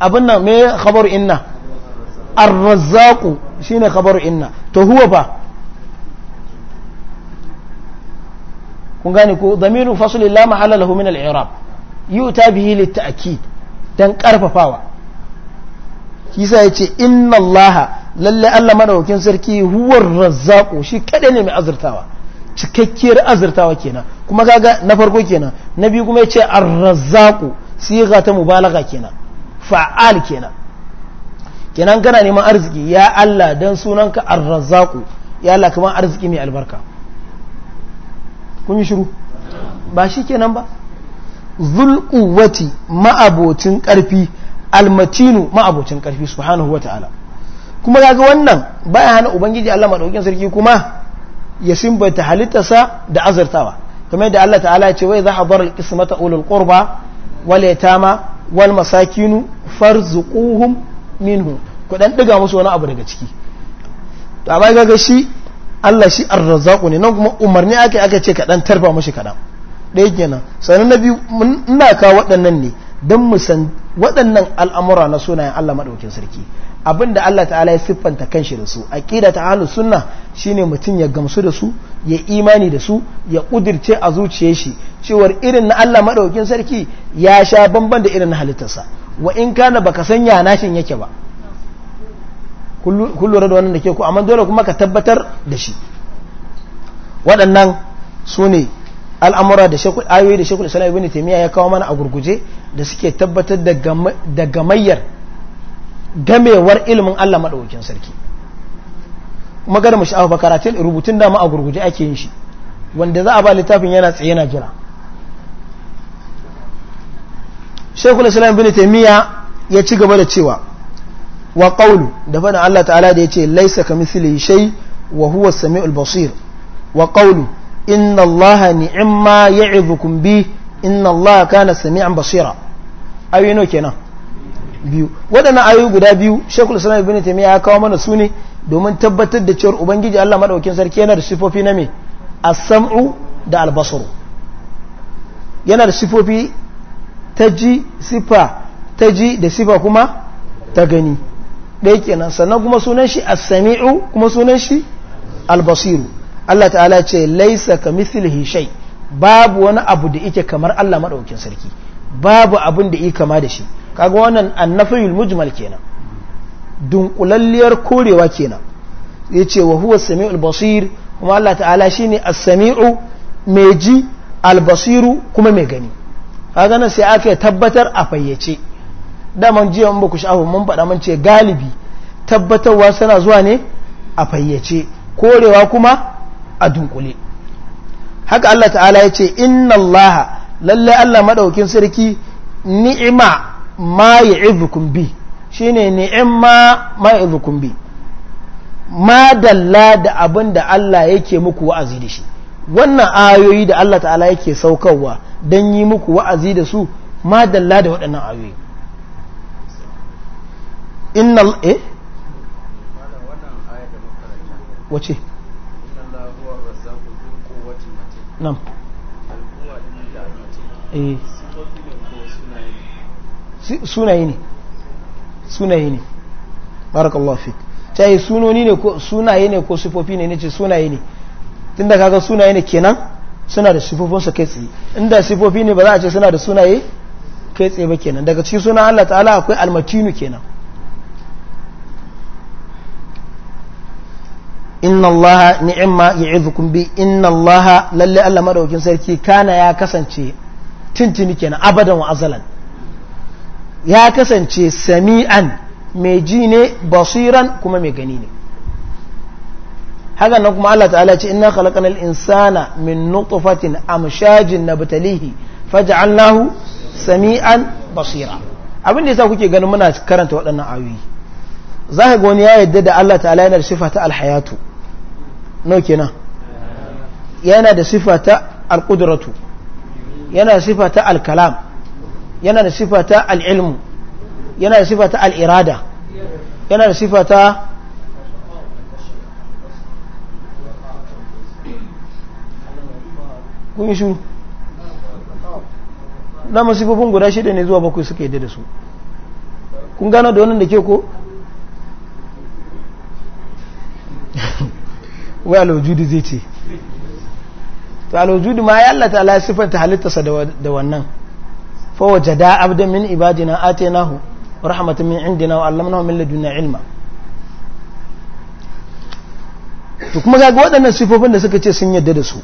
abin nan me khabaru inna arrazzaku shine khabaru inna to huwa ba kun gane ko damiru fasulin la mahalla lahu min al-i'rab yuta bihi lit-ta'kid dan karfafawa kisa yace inna allaha lalle Allah madaukakin sarki huwar razzaqu shi kada ne mai azurtawa cikakkiyar azurtawa kenan kuma kaga na farko kenan na biyu kuma yace ce razzaqu siga ta mubalaga kenan fa'al kenan kenan kana neman arziki ya Allah dan sunanka ar ya Allah kuma arziki mai albarka kun yi shiru ba shi kenan ba zul quwwati ma'abocin karfi almatinu ma'abocin karfi subhanahu wata'ala kuma kaga wannan baya hana ubangiji Allah madaukakin sarki kuma ya simbata halittarsa da azurtawa kamar da Allah ta'ala ce wai za a bar kismata ulul qurba wal yatama wal masakin farzuquhum minhu ku dan diga musu wani abu daga ciki to amma ga shi Allah shi ar-razzaqu ne nan kuma umarni aka aka ce ka dan tarba mushi kadan ɗaya kenan sanan na biyu ina ka waɗannan ne dan mu san waɗannan al'amura na sunayen Allah madaukin sarki abin da Allah ta'ala ya siffanta kan shi da su aqida ta ahlus sunna shine mutum ya gamsu da su ya imani da su ya kudirce a zuciyar shi cewar irin na Allah Maɗaukin sarki ya sha bamban da irin halittarsa wa in kana baka san ya nashin yake ba kullu da wannan da ke ku amma dole kuma ka tabbatar da shi waɗannan su al'amura da ayoyi da shekul islam ibn taimiyya ya kawo mana a gurguje da suke tabbatar da gamayyar gamewar ilimin Allah maɗaukin sarki magana mashi abu karatun rubutun dama a gurguje ake yin shi wanda za a ba littafin yana tsaye yana jira shekul islam bin taimiyya ya ci gaba da cewa wa qawlu da faɗin Allah ta'ala da ya ce laisa ka misli shay wa huwa sami'ul basir wa qawlu inna Allah ni'imma ya'idhukum bi inna Allah kana sami'an basira ayoyi kenan biyu waɗannan ayoyi guda biyu shekul sanar ibn taymiya ya kawo mana su ne domin tabbatar da cewar ubangiji Allah maɗaukin sarki yana da sifofi na me a samu da al yana da sifofi ta ji sifa ta ji da sifa kuma ta gani ɗaya kenan sannan kuma sunan shi a samiu kuma sunan shi albasiru Allah ta'ala ce laisa ka babu wani abu da ike kamar Allah maɗaukin sarki babu abin da yi kama da shi kaga wannan annafiyul mujmal kenan dunkulalliyar korewa kenan ya ce wa huwa sami'ul basir kuma Allah ta'ala shine as-sami'u mai ji al-basiru kuma mai gani kaga nan sai aka tabbatar a fayyace daman jiya mun baku sha'afu mun faɗa mun ce galibi tabbatarwa suna zuwa ne a fayyace korewa kuma a dunkule haka Allah ta'ala ya ce inna Allah lalle Allah madaukin sarki ni'ima ma ya'idukum bi shine ni'ima ma ya'idukum bi ma dalla da abin da Allah yake muku wa'azi da shi wannan ayoyi da Allah ta'ala yake saukarwa don yi muku wa'azi da su ma dalla da waɗannan ayoyi innal e eh? wace eh sunaye ne sunaye ne barakallahu fik ta yi sunoni ne ko sunaye ne ko sifofi ne ne ce sunaye ne tun da kaga sunaye ne kenan suna da sifofinsu kai tsaye inda sifofi ne ba za a ce suna da sunaye kai tsaye ba kenan daga cikin sunan Allah ta'ala akwai almatinu kenan inna Allaha ni'imma ya'idukum bi inna Allaha lalle Allah madaukin sarki kana ya kasance tuntuni kenan abadan wa azalan ya kasance sami'an mai ji ne basiran kuma mai gani ne haka nan kuma Allah ta'ala ce inna khalaqanal insana min nutfatin amshajin nabtalihi faj'alnahu sami'an basira abin da yasa kuke ganin muna karanta waɗannan ayoyi zaka ga wani ya yadda da Allah ta'ala yana da sifa ta alhayatu no kenan yana da sifa ta alqudratu yana da sifa ta al-kalam yana da sifa ta al-ilmu yana da sifa ta al-irada yana da sifa ta kun shi na masifofin guda shida ne zuwa bakwai suka yi da su kun gano da wannan da ke ko wai alwajudi zai ce to alwujudu ma ya Allah ta'ala sifanta halittarsa da wannan fa wajada abdan min ibadina atainahu rahmatan min indina wa allamnahu min ladunna ilma to kuma ga waɗannan sifofin da suka ce sun yadda da su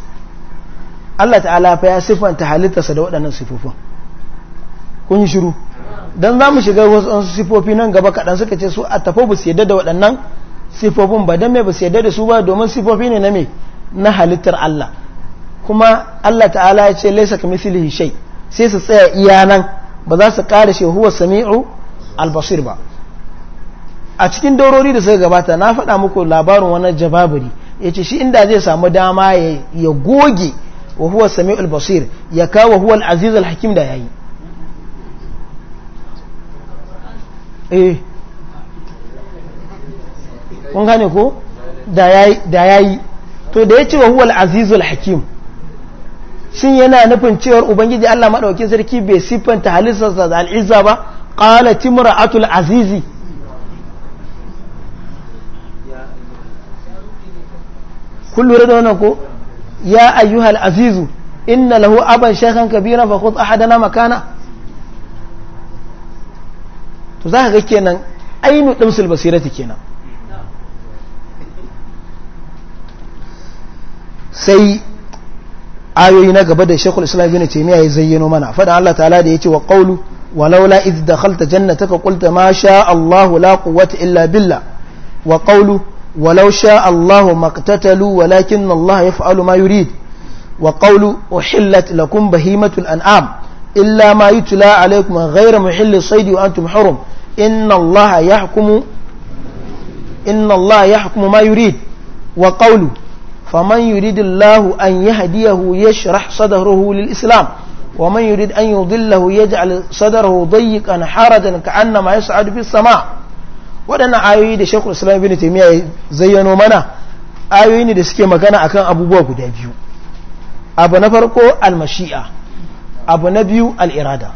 Allah ta'ala fa ya sifanta halittarsa da waɗannan sifofin kun yi shiru dan za mu shiga wasu sifofi nan gaba kaɗan suka ce su a tafi ba su yadda da waɗannan sifofin ba don mai ba su yadda da su ba domin sifofi ne na me na halittar Allah kuma Allah ta'ala ya ce laisa kamithlihi shay sai su tsaya iya nan ba za su ƙara shi huwa sami'u albasir ba a cikin daurori da suka gabata na faɗa muku labarin wani jababiri ya ce shi inda zai samu dama ya goge wa huwa sami albasir ya kawo huwa al'aziz alhakim da ya yi eh. kun ko da ya yi to da ya ce wa huwa al'aziz alhakim shin yana nufin cewar ubangiji Allah maɗauki sarki bai siffanta halittarsa da al'izza ba qala timra'atul azizi kun lura da wannan ko ya ayyuhal azizu inna lahu aban shakan kabira fa khudh ahadana makana to ka ga kenan ainu dimsul basirati kenan sai ayoyi na gaba da shekul islam bin taimiyya ya zayyano mana faɗin allah ta'ala da ya ce wa ƙaulu walaula iz dakhalta ka qulta ma sha allah la quwwata illa billah wa walau sha allah maqtatalu walakin allah yaf'alu ma yurid wa qawlu uhillat lakum bahimatul an'am illa ma yutla alaykum ghayra muhilli sayd wa antum hurum inna allah yahkumu inna allah yahkumu ma yurid wa qawlu fa man yuridillahu an yahdiyahu yashrah sadruhu lil islam ومن يريد أن يضله يجعل صدره ضيقا حرجا كأنما يصعد في السماء waɗannan ayoyi da shekul islam ibn taimiyya zayyano mana ayoyi da suke magana akan abubuwa guda biyu abu na farko almashi'a abu na biyu al'irada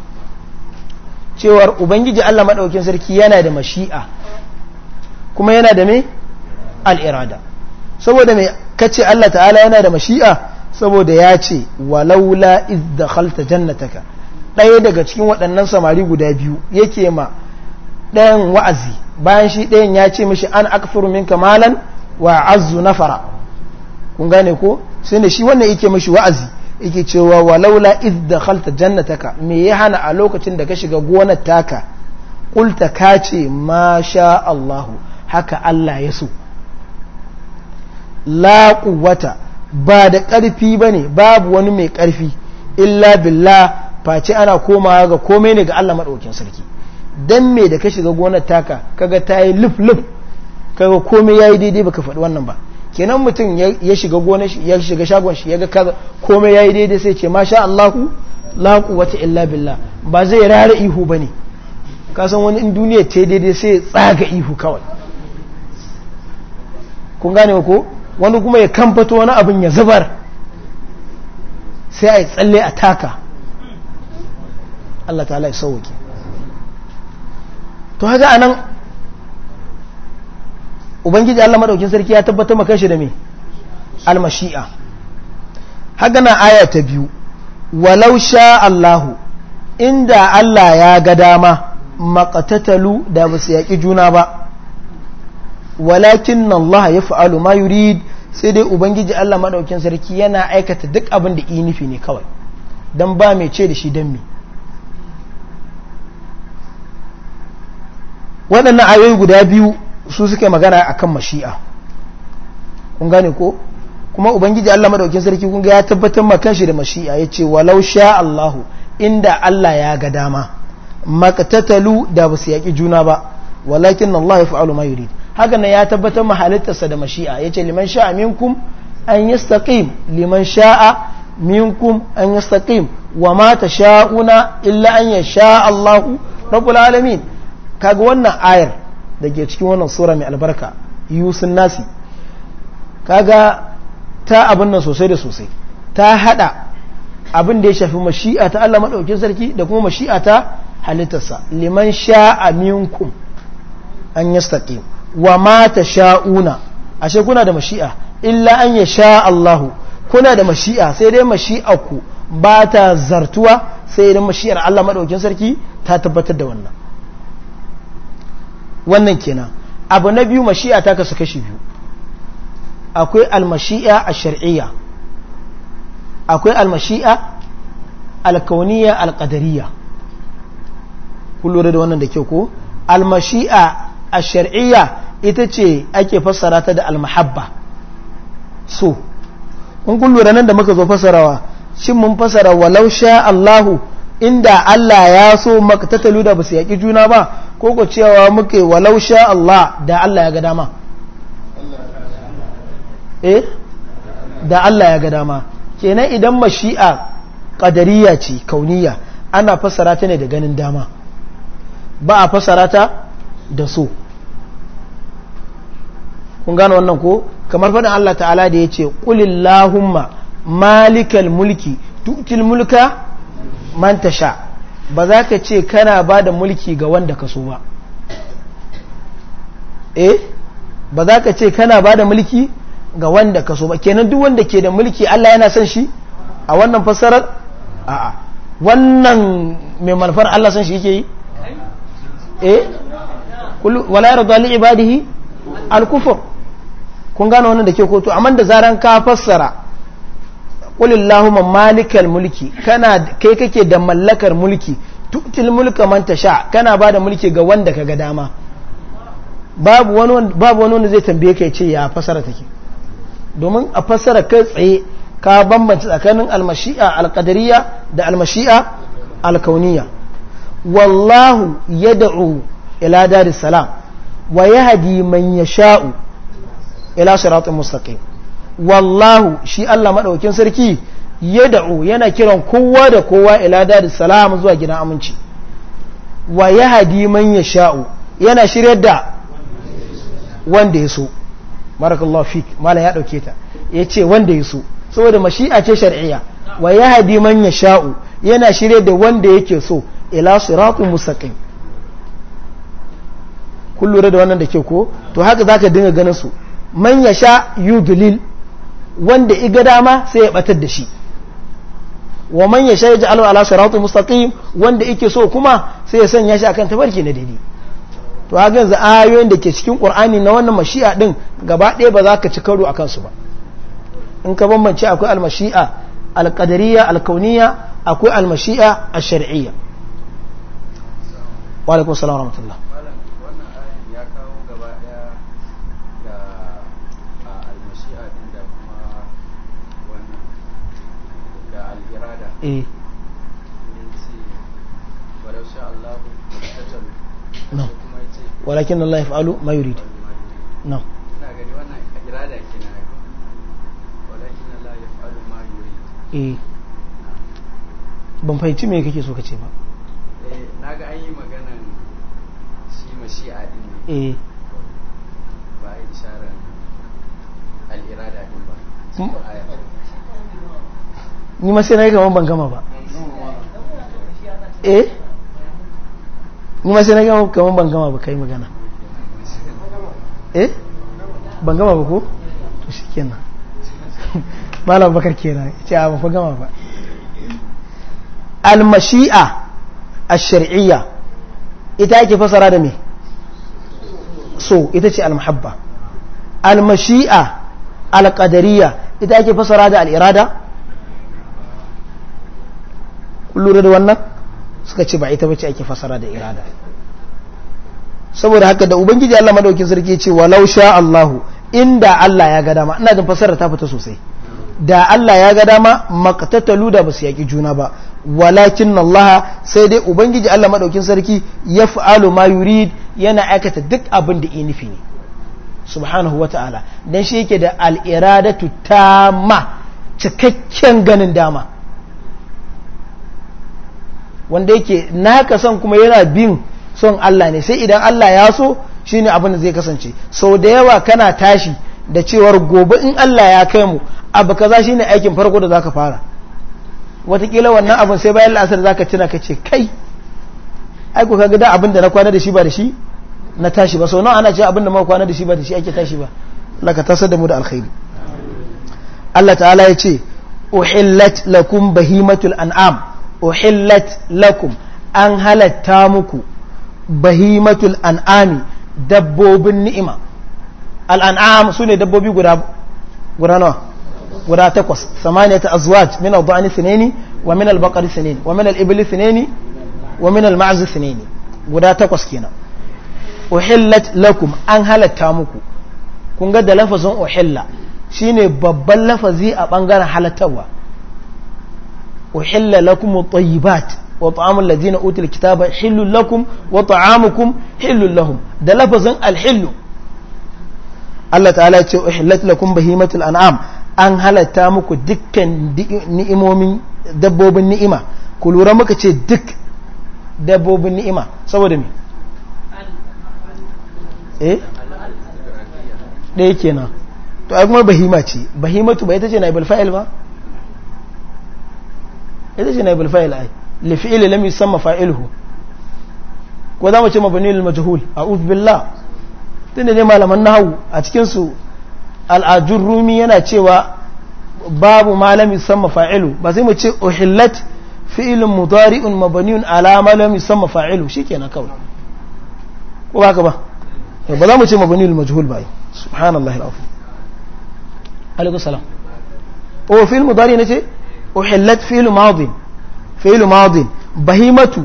cewar ubangiji allah maɗaukin sarki yana da mashi'a kuma yana da me irada saboda mai kace Allah ta'ala yana da mashi'a saboda ya ce walaula iz dakhalta jannataka ɗaya daga cikin waɗannan samari guda biyu yake ma ɗayan wa'azi bayan shi ɗayan ya ce mishi an akfuru minka malan wa azzu nafara kun gane ko sai da shi wannan yake mishi wa'azi yake cewa walaula iz dakhalta jannataka me ya hana a lokacin da ka shiga gonar taka kulta kace ma sha Allahu haka Allah ya so la quwwata ba da ƙarfi ba ne babu wani mai ƙarfi illa billah face ana komawa ga komai ne ga Allah maɗaukin sarki dan me da ka shiga gonar taka kaga ta yi luf luf kaga komai yayi daidai baka faɗi wannan ba kenan mutum ya shiga gonar shi ya shiga shagon shi yaga kaza komai yayi daidai sai ce masha Allah la quwwata illa billah ba zai rara ihu bane ka san wani in duniya yi daidai sai tsaga ihu kawai kun gane ko wani kuma ya kamfato wani abin ya zubar sai a yi tsalle a taka Allah ta'ala ya sauwake to haka anan ubangiji Allah madaukin sarki ya tabbatar maka shi da mai almashi'a haka na aya ta biyu walau sha Allahu inda Allah ya ga dama makatatalu da ba su yaƙi juna ba walakin Allah ya fa'alu ma yuri sai dai ubangiji Allah maɗaukin sarki yana aikata duk abin da yi nufi ne kawai don ba mai ce da shi dan mi. waɗannan ayoyi guda biyu su suke magana a kan mashi'a kun gane ko kuma ubangiji Allah maɗaukin sarki kunga ya tabbatar ma kanshi da mashi'a ce walau sha Allahu inda Allah ya ga dama makatatalu da ba su yaƙi juna ba walakin Allah ya fa'alu ma yurid haka na ya tabbatar ma halittarsa da mashi'a yace liman sha'a minkum an yastaqim liman sha'a minkum an yastaqim wa ma sha'una illa an yasha Allah rabbul alamin kaga wannan ayar da ke cikin wannan sura mai albarka yusun nasi kaga ta abin nan sosai da sosai ta hada abin da ya shafi mashi'a ta Allah madaukakin sarki da kuma mashi'a ta halittarsa liman sha'a minkum an yastaqim wa mata shauna ashe kuna da mashi'a illa an yasha Allah kuna da mashi'a sai dai mashi'a ku ba ta zartuwa sai dai mashi'ar Allah maɗaukin sarki ta tabbatar da wannan wannan kenan abu na biyu mashi'a ta kasu kashi biyu akwai almashi'a a shariyya akwai almashi'a alkauniyya alqadariyya kun da wannan da kyau ko almashi'a a shar'iyya ita ce ake fassara ta da almahabba so kun lura nan da muka zo fassarawa shin mun fassara walau sha Allahu inda Allah ya so maktatalu da basu yaki juna ba ko ko cewa muke walau sha Allah da Allah ya ga dama eh da Allah ya ga dama kenan idan mashi'a qadariya ce kauniya ana fassara ta ne da ganin dama ba a fassara ta da so kun gano wannan ko kamar faɗin Allah ta'ala da ya ce ƙulillahumma malikal mulki tukil mulka mantasha ba za ka ce kana ba da mulki ga wanda ka so ba eh ba za ka ce kana ba da mulki ga wanda ka so ba kenan duk wanda ke da mulki Allah yana son shi a wannan fassarar a'a wannan mai manufar Allah son shi yake yi eh wala yarda li ibadihi al-kufr kun gane wannan da ke kotu amma da zaran ka fassara qulillahumma malikal mulki kana kai kake da mallakar mulki tu'til mulka man tasha kana bada mulki ga wanda ga dama babu wani babu wani wanda zai tambaye ka ce ya fassara take domin a fassara kai tsaye ka bambanta tsakanin almashi'a alqadariyya da almashi'a alkauniyya wallahu yad'u ila daris salam wa yahdi man yasha'u ila siratul mustaqim wallahu shi Allah madaukakin sarki ya da'u yana kiran kowa da kowa ila da salam zuwa gina aminci wa ya hadi man yasha'u yana shiryar da wanda ya so barakallahu fik mala ya dauke ta yace wanda ya so saboda mashi'a ce shar'iyya wa ya hadi man yasha'u yana shiryar da wanda yake so ila siratul mustaqim kullu lura da wannan da ke ko to haka zaka dinga ganin su man ya sha yudlil wanda iga dama sai ya batar da shi wa man ya sha ya ji ala siratul mustaqim wanda yake so kuma sai ya sanya shi akan tafarki na daidai to a yanzu ayoyin da ke cikin qur'ani na wannan mashi'a din gaba ɗaya ba za ka ci karo akan su ba in ka bambance akwai almashi'a alqadariyya alkauniyya akwai almashi'a ash-shar'iyya wa alaikum assalam wa rahmatullah eh no walakin Allah ya fa'alu ma yurid no ina eh. ban fahimci me kake so ka ce ba eh naga an yi magana shi mashi'a din ne eh ba a isharar al-irada ba ni ma sai na yi gaban ban gama ba eh ni ma sai na gama gaban ban gama ba kai magana eh ban gama ba ko to shi kenan malam bakar kenan ce a ba fa gama ba al-mashi'a ash-shar'iyya ita ake fasara da me so ita ce al-muhabba al-mashi'a al-qadariyya ita ake fasara da al-irada kun lura da wannan suka ce ba ita bace ake fasara da irada saboda haka da ubangiji Allah madaukin sarki ce walau sha Allahu inda Allah ya ga dama ina jin fasara ta fita sosai da Allah ya ga dama maqtatalu da basu yaki juna ba walakin Allah sai dai ubangiji Allah madaukin sarki ya fa'alu ma yurid yana aikata duk abin da inifi ne subhanahu wata'ala dan shi yake da al-iradatu tamma cikakken ganin dama wanda yake naka son kuma yana bin son Allah ne sai idan Allah ya so shine abin da zai kasance sau da yawa kana tashi da cewar gobe in Allah ya kai mu abu kaza shine aikin farko da zaka fara watakila wannan abin sai bayan la'asar zaka tuna ka ce kai aiko ka kaga da abin da na kwana da shi ba da shi na tashi ba sau nawa ana ce abin da ma kwana da shi ba da shi ake tashi ba Allah ka tasar da mu da alkhairi Allah ta'ala ya ce uhillat lakum bahimatul an'am uhillat lakum an halatta muku bahimatul an'ami dabbobin ni'ima al'an'am su ne dabbobi guda guda nawa guda takwas samaniya ta azwaj min al sineni sinani wa min al-baqari sinani wa min al-ibli sinani wa min al-ma'z guda takwas kenan uhillat lakum an halatta muku kun ga da lafazin uhilla shine babban lafazi a bangaren halattarwa uhilla lakum at-tayyibat wa ta'amul ladina utul kitaba hillul lakum wa ta'amukum da lafazin al-hillu Allah ta'ala ce uhillat lakum bahimatul an'am an halatta muku dukkan ni'imomin dabbobin ni'ima ku lura muka ce ni'ima saboda eh ɗaya kenan to ai kuma bahima ce bahimatu ba ita ce na ibal fa'il ba ita ce na ibul fa'il ai li fi'il lam yusamma fa'iluhu ko za mu ce mabni lil majhul a'udhu billah tunda ne malaman nahwu a cikin su al-ajurrumi yana cewa babu malam lam yusamma fa'ilu ba sai mu ce uhillat fi'ilun mudari'un mabniun ala ma lam yusamma fa'ilu shikenan kawai ko ba ka ba ba za mu ce mabniul majhul ba subhanallahi al-azim alaikum salam o oh, fi'il mudari nace uhillat fi'lu madin fi'lu madin bahimatu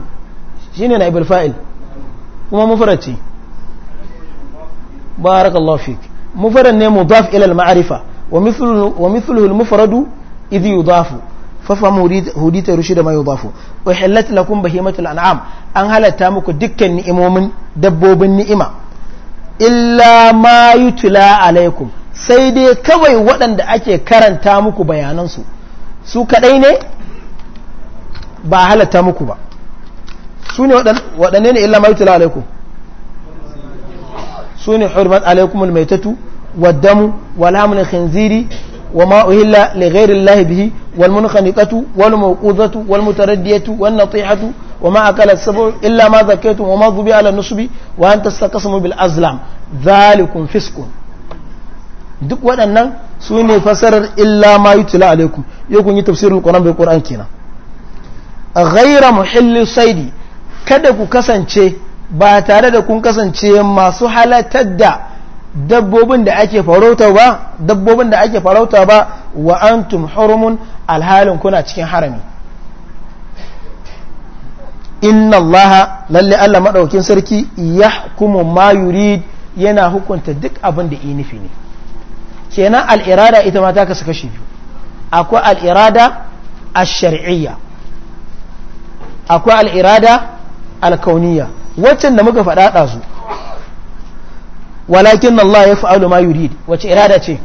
shine na ibul fa'il kuma mufrad ce barakallahu fik mufrad ne mudaf ila al ma'rifa wa mithluhu wa mithluhu al mufradu idh yudafu fafamu hudita rushi da mai yudafu uhillat lakum bahimatul an'am an halatta muku dukkan ni'imomin dabbobin ni'ima illa ma yutla alaikum sai dai kawai waɗanda ake karanta muku bayanansu su kadai ne ba a halatta muku ba su ne waɗanne ne illa mai tula su ne hurmat alaikum mai tatu wa damu wa lamun khinziri wa ma uhilla li ghairi llahi bihi wal munkhaniqatu wal mawqudatu wal mutaraddiyatu wan natihatu wa ma akala sab'u illa ma zakaytum wa ma dhubi ala nusbi wa anta tastaqsimu bil azlam dhalikum fiskun duk waɗannan su ne fasarar illa ma yi tula alaikum yau kun yi tafsirin ƙoran bai ƙoran kenan a ghaira muhallin saidi kada ku kasance ba tare da kun kasance masu halatar da dabbobin da ake farauta ba dabbobin da ake farauta ba wa antum hurumun alhalin kuna cikin harami inna allaha lalle Allah madaukin sarki yahkumu ma yurid yana hukunta duk abin da yi nufi ne kenan al'irada ita ma ta kasu kashi biyu akwai al'irada a shari'iyya akwai al'irada alkauniya waccan da muka faɗa ɗazu walakin Allah ya fa'alu ma yuri wacce irada ce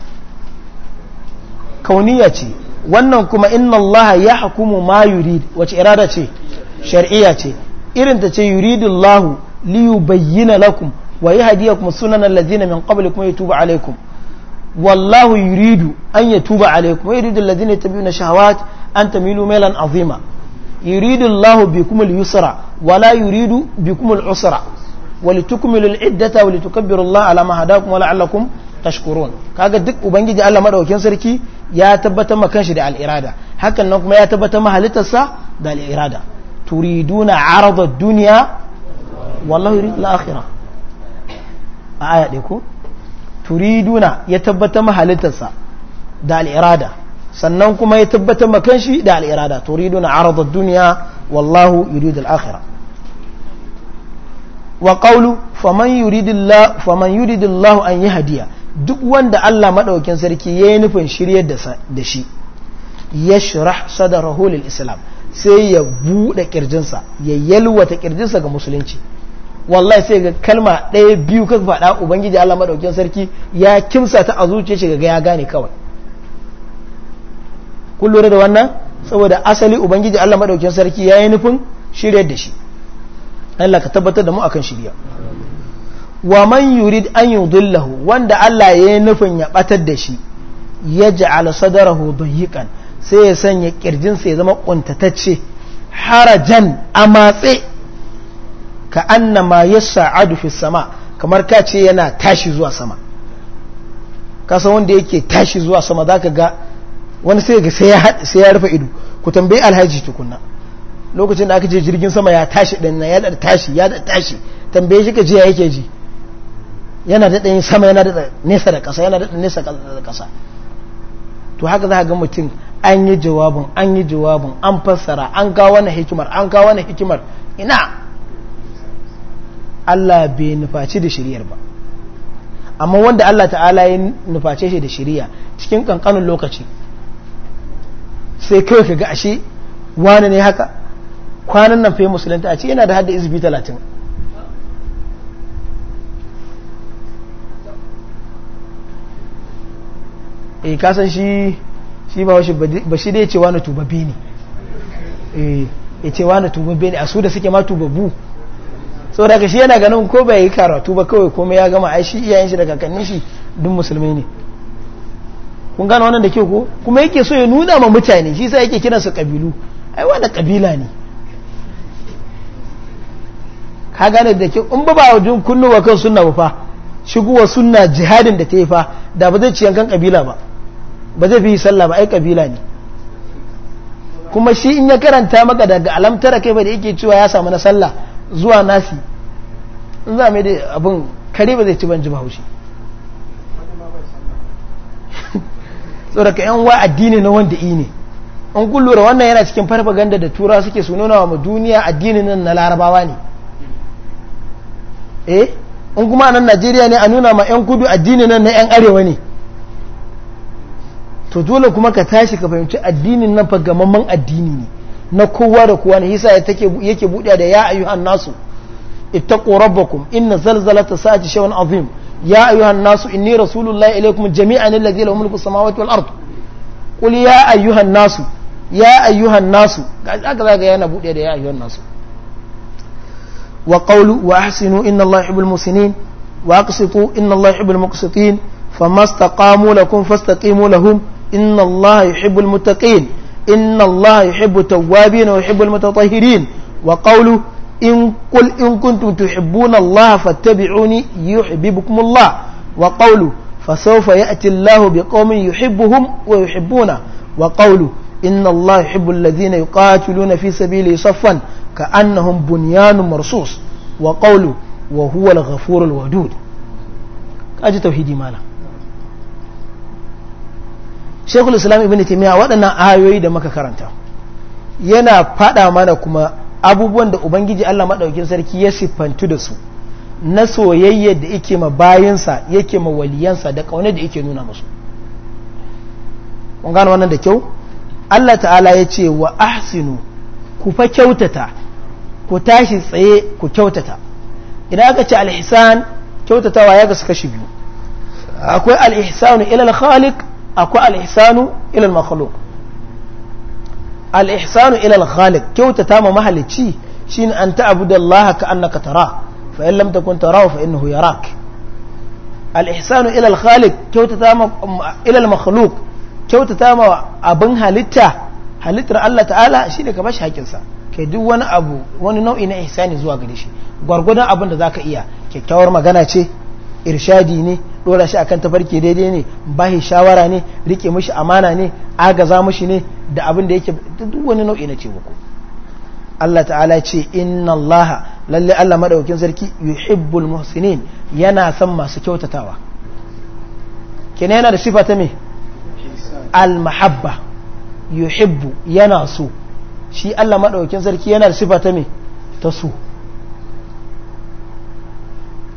kauniya ce wannan kuma inna Allah ya hakumu ma yuri wacce irada ce shari'iyya ce irin ta ce yuridullahu liyubayyana lakum wa kuma sunanan ladzina min qablikum yatubu alaikum wallahu yuridu an yatuba alaikum wa yuridu alladhina yattabi'una shahawat an tamilu mailan azima yuridu Allahu bikum al-yusra wa la yuridu bikum al-usra wa litukmilu al-iddata wa litukabbiru Allah ala ma hadakum wa tashkurun kaga duk ubangiji Allah madaukakin sarki ya tabbatar ma kanshi da al-irada hakan nan kuma ya tabbata ma halittarsa da al-irada turiduna arada ad wallahu yuridu al-akhirah turiduna ya tabbata mahalittarsa da al'irada sannan kuma ya tabbata makanshi da al'irada turiduna aradar duniya wallahu yuridu al'akhira wa ƙaulu faman yuridullahu an yi hadiya duk wanda Allah maɗaukin sarki yayi nufin shiryar da shi yashrah sadrahu lil islam sai ya buɗe ƙirjinsa ya yalwata kirjinsa ga musulunci wallahi sai ga kalma ɗaya biyu ka faɗa ubangiji Allah madaukakin sarki ya kimsa ta a zuciya shi ga ya gane kawai kun lura da wannan saboda asali ubangiji Allah madaukakin sarki ya yi nufin shirya da shi Allah ka tabbatar da mu akan shirya wa man yurid an yudillahu wanda Allah ya yi nufin ya batar da shi ya ja'ala sadarahu dayiqan sai ya sanya kirjinsa ya zama kuntatacce harajan a ka annama yas'adu fis sama kamar ka ce yana tashi zuwa sama kasan wanda yake tashi zuwa sama za ka ga wani sai ga sai ya rufe ido ku tambayi alhaji tukunna lokacin da aka ce jirgin sama ya tashi din ya da tashi ya da tashi tambaye shi ka ji yake ji yana da ɗanyi sama yana da nesa da ƙasa yana da nesa da ƙasa to haka za ga mutum an yi jawabin an yi jawabin an fassara an kawo wannan hikimar an kawo wannan hikimar ina Allah bai nufaci da shiriyar ba amma wanda Allah ta'ala ya nuface shi da shiriya cikin kankanin lokaci sai kai ka ga ashe wani ne haka kwanan nan fai musulunta a ce yana da hada izbi talatin e eh, kasan shi shi ba washe ba shi da ya ce wani tubabbe ne e ya ce wani tubabbe ne a su da suke ma tubabu so daga shi yana ganin ko bai yi karatu ba kawai kuma ya gama ai shi iyayen shi da kakannin shi duk musulmi ne kun gano wannan da ke ko kuma yake so ya nuna ma mutane shi sa yake kiransu kabilu ai wannan kabila ne ka gane da ke in ba ba jin kunnuwa kan sunna ba fa shigowa sunna jihadin da ta yi fa da ba zai ci yankan kabila ba ba zai fi sallah ba ai kabila ne kuma shi in ya karanta maka daga alamtara kai ba da yake cewa ya samu na sallah zuwa nasi in za mai da abin kare ba zai ci ban ji bahaushe tsoraka yan wa addini na wanda i ne an kullura wannan yana cikin farfaganda da tura suke su nuna wa duniya addini nan na larabawa ne eh in kuma nan najeriya ne a nuna ma yan kudu addini nan na yan arewa ne to dole kuma ka tashi ka fahimci addinin nan fagamamman addini ne na kowa da kowa ne yasa yake buɗe da ya ayyuhan nasu ittaqu rabbakum inna zalzalata sa'ati shay'un azim ya ayyuhan nasu inni rasulullahi ilaykum jami'an alladhi lahu mulku samawati wal ard qul ya ayyuhan nasu ya ayyuhan nasu kaga zaka yana buɗe da ya ayyuhan nasu wa qawlu wa ahsinu inna allaha yuhibbul muhsinin wa aqsitu inna allaha yuhibbul muqsitin famastaqamu lakum fastaqimu lahum inna allaha yuhibbul muttaqin إن الله يحب التوابين ويحب المتطهرين وقوله إن قل إن كنتم تحبون الله فاتبعوني يحببكم الله وقوله فسوف يأتي الله بقوم يحبهم ويحبونه وقوله إن الله يحب الذين يقاتلون في سبيله صفا كأنهم بنيان مرصوص وقوله وهو الغفور الودود أجي توحيدي مالا shekul islam ibn taimiyya waɗannan ayoyi da muka karanta yana faɗa mana kuma abubuwan da ubangiji allah maɗaukin sarki ya siffantu da su na soyayya da yake ma bayansa yake ma waliyansa da ƙaunar da yake nuna musu kun wannan da kyau allah ta'ala ya ce wa ahsinu ku fa kyautata ku tashi tsaye ku kyautata ina aka ce alhisan kyautatawa ya gasu kashi biyu akwai al'ihsanu ilal khaliq akwai al ilal ilal al-makhluq al-ihsanu ila ma mahalici shine an na ka annaka tara fa in lam takun wa fa innahu yarak al ilal ila kyauta ta kyautata ma ilal makhluk kyauta ta ma abin halitta halittar Allah ta'ala shine ka bashi hakinsa kai duk wani abu wani nau'i na ihsani zuwa gare shi gwargwadon abin da ka iya kyakkyawar magana ce irshadi ne dora shi akan tafarki daidai ne bahi shawara ne rike mushi amana ne agaza mushi ne da abin da yake duk wani nau'i na taimako Allah ta'ala ce inna Allah lalle Allah madaukakin sarki yuhibbul muhsinin yana son masu kyautatawa kenan yana da sifa ta me al mahabba yuhibbu yana so shi Allah madaukakin sarki yana da sifa ta me ta so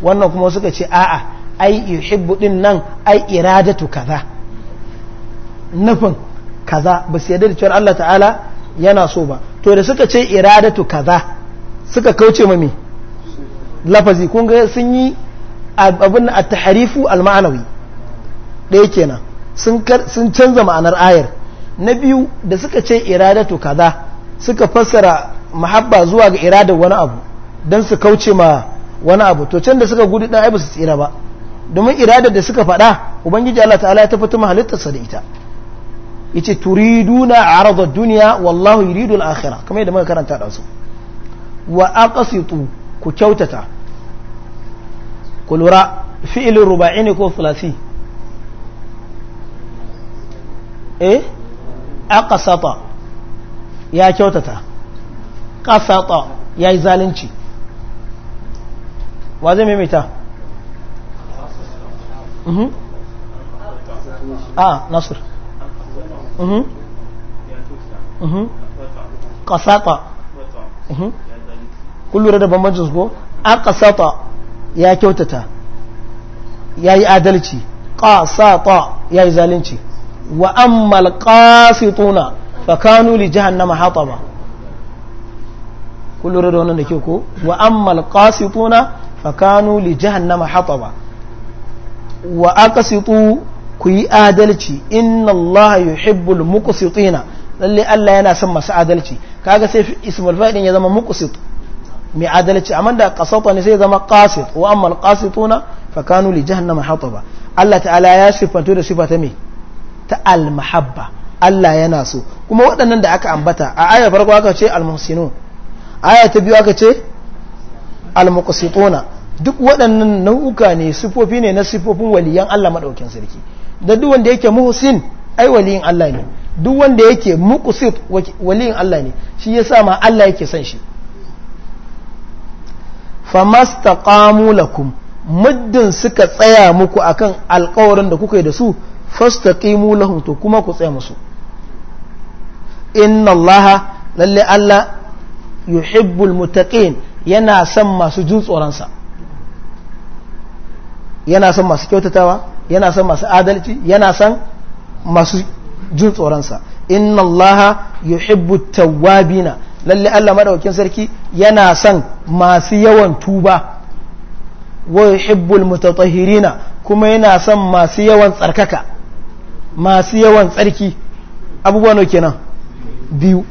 wannan kuma suka ce a'a ai yuhibbu din nan ai iradatu kaza nufin kaza ba su yarda da cewa Allah ta'ala yana so ba to da suka ce iradatu kaza suka kauce mami lafazi kun ga sun yi abin a taharifu al-ma'anawi ɗaya kenan sun canza ma'anar ayar na biyu da suka ce iradatu kaza suka fassara mahabba zuwa ga iradar wani abu don su kauce ma wani abu to can da suka gudu ɗan ai ba su tsira ba domin iradar da suka faɗa ubangiji Allah ta'ala ya tabbata mahalittarsa da ita yace turiduna arada dunya wallahu yuridu al akhira kamar yadda muka karanta da su wa aqsitu ku kyautata ku lura fi'ilin ruba'i ne ko fulasi eh aqsata ya kyautata qasata ya yi zalunci wa zai maimaita mhm. a ah, nasir ƙasata mhm. mhm. kullum da bambancin ko a kasata ya kyautata ya yi adalci kasata ya yi zalunci wa ammal ƙasituna fakanu li jahannama hataba kullum da wannan da ke ko wa ammal kasituna. fakanu li jahannama hataba wa aqsitu ku yi adalci inna Allah yuhibbul muqsitina lalle Allah yana son masu adalci kaga sai ismul fa'il ya zama muqsit mai adalci amma da qasata ne sai zama qasit wa amma na fakanu li jahannama hataba Allah ta'ala ya sifanto da sifa ta me ta almahabba Allah yana so kuma waɗannan da aka ambata a aya farko aka ce almuhsinun aya ta biyu aka ce al-muqsituna duk waɗannan nau'uka ne sifofi ne na sifofin waliyan Allah madaukin sarki da duk wanda yake muhsin ai waliyin Allah ne duk wanda yake muqsit waliyin Allah ne shi yasa ma Allah yake son shi famastaqamu lakum muddin suka tsaya muku akan alƙawarin da kuka yi da su fastaqimu lahum to kuma ku tsaya musu inna allaha lalle Allah yuhibbul muttaqin yana son masu jin tsoronsa yana son masu kyautatawa yana son masu adalci yana son masu jin tsoronsa inna allaha yuhibbu tawwabina lalle Allah madaukin sarki yana son masu yawan tuba wa yuhibbul mutatahhirina kuma yana son masu yawan tsarkaka masu yawan tsarki abubuwa no kenan biyu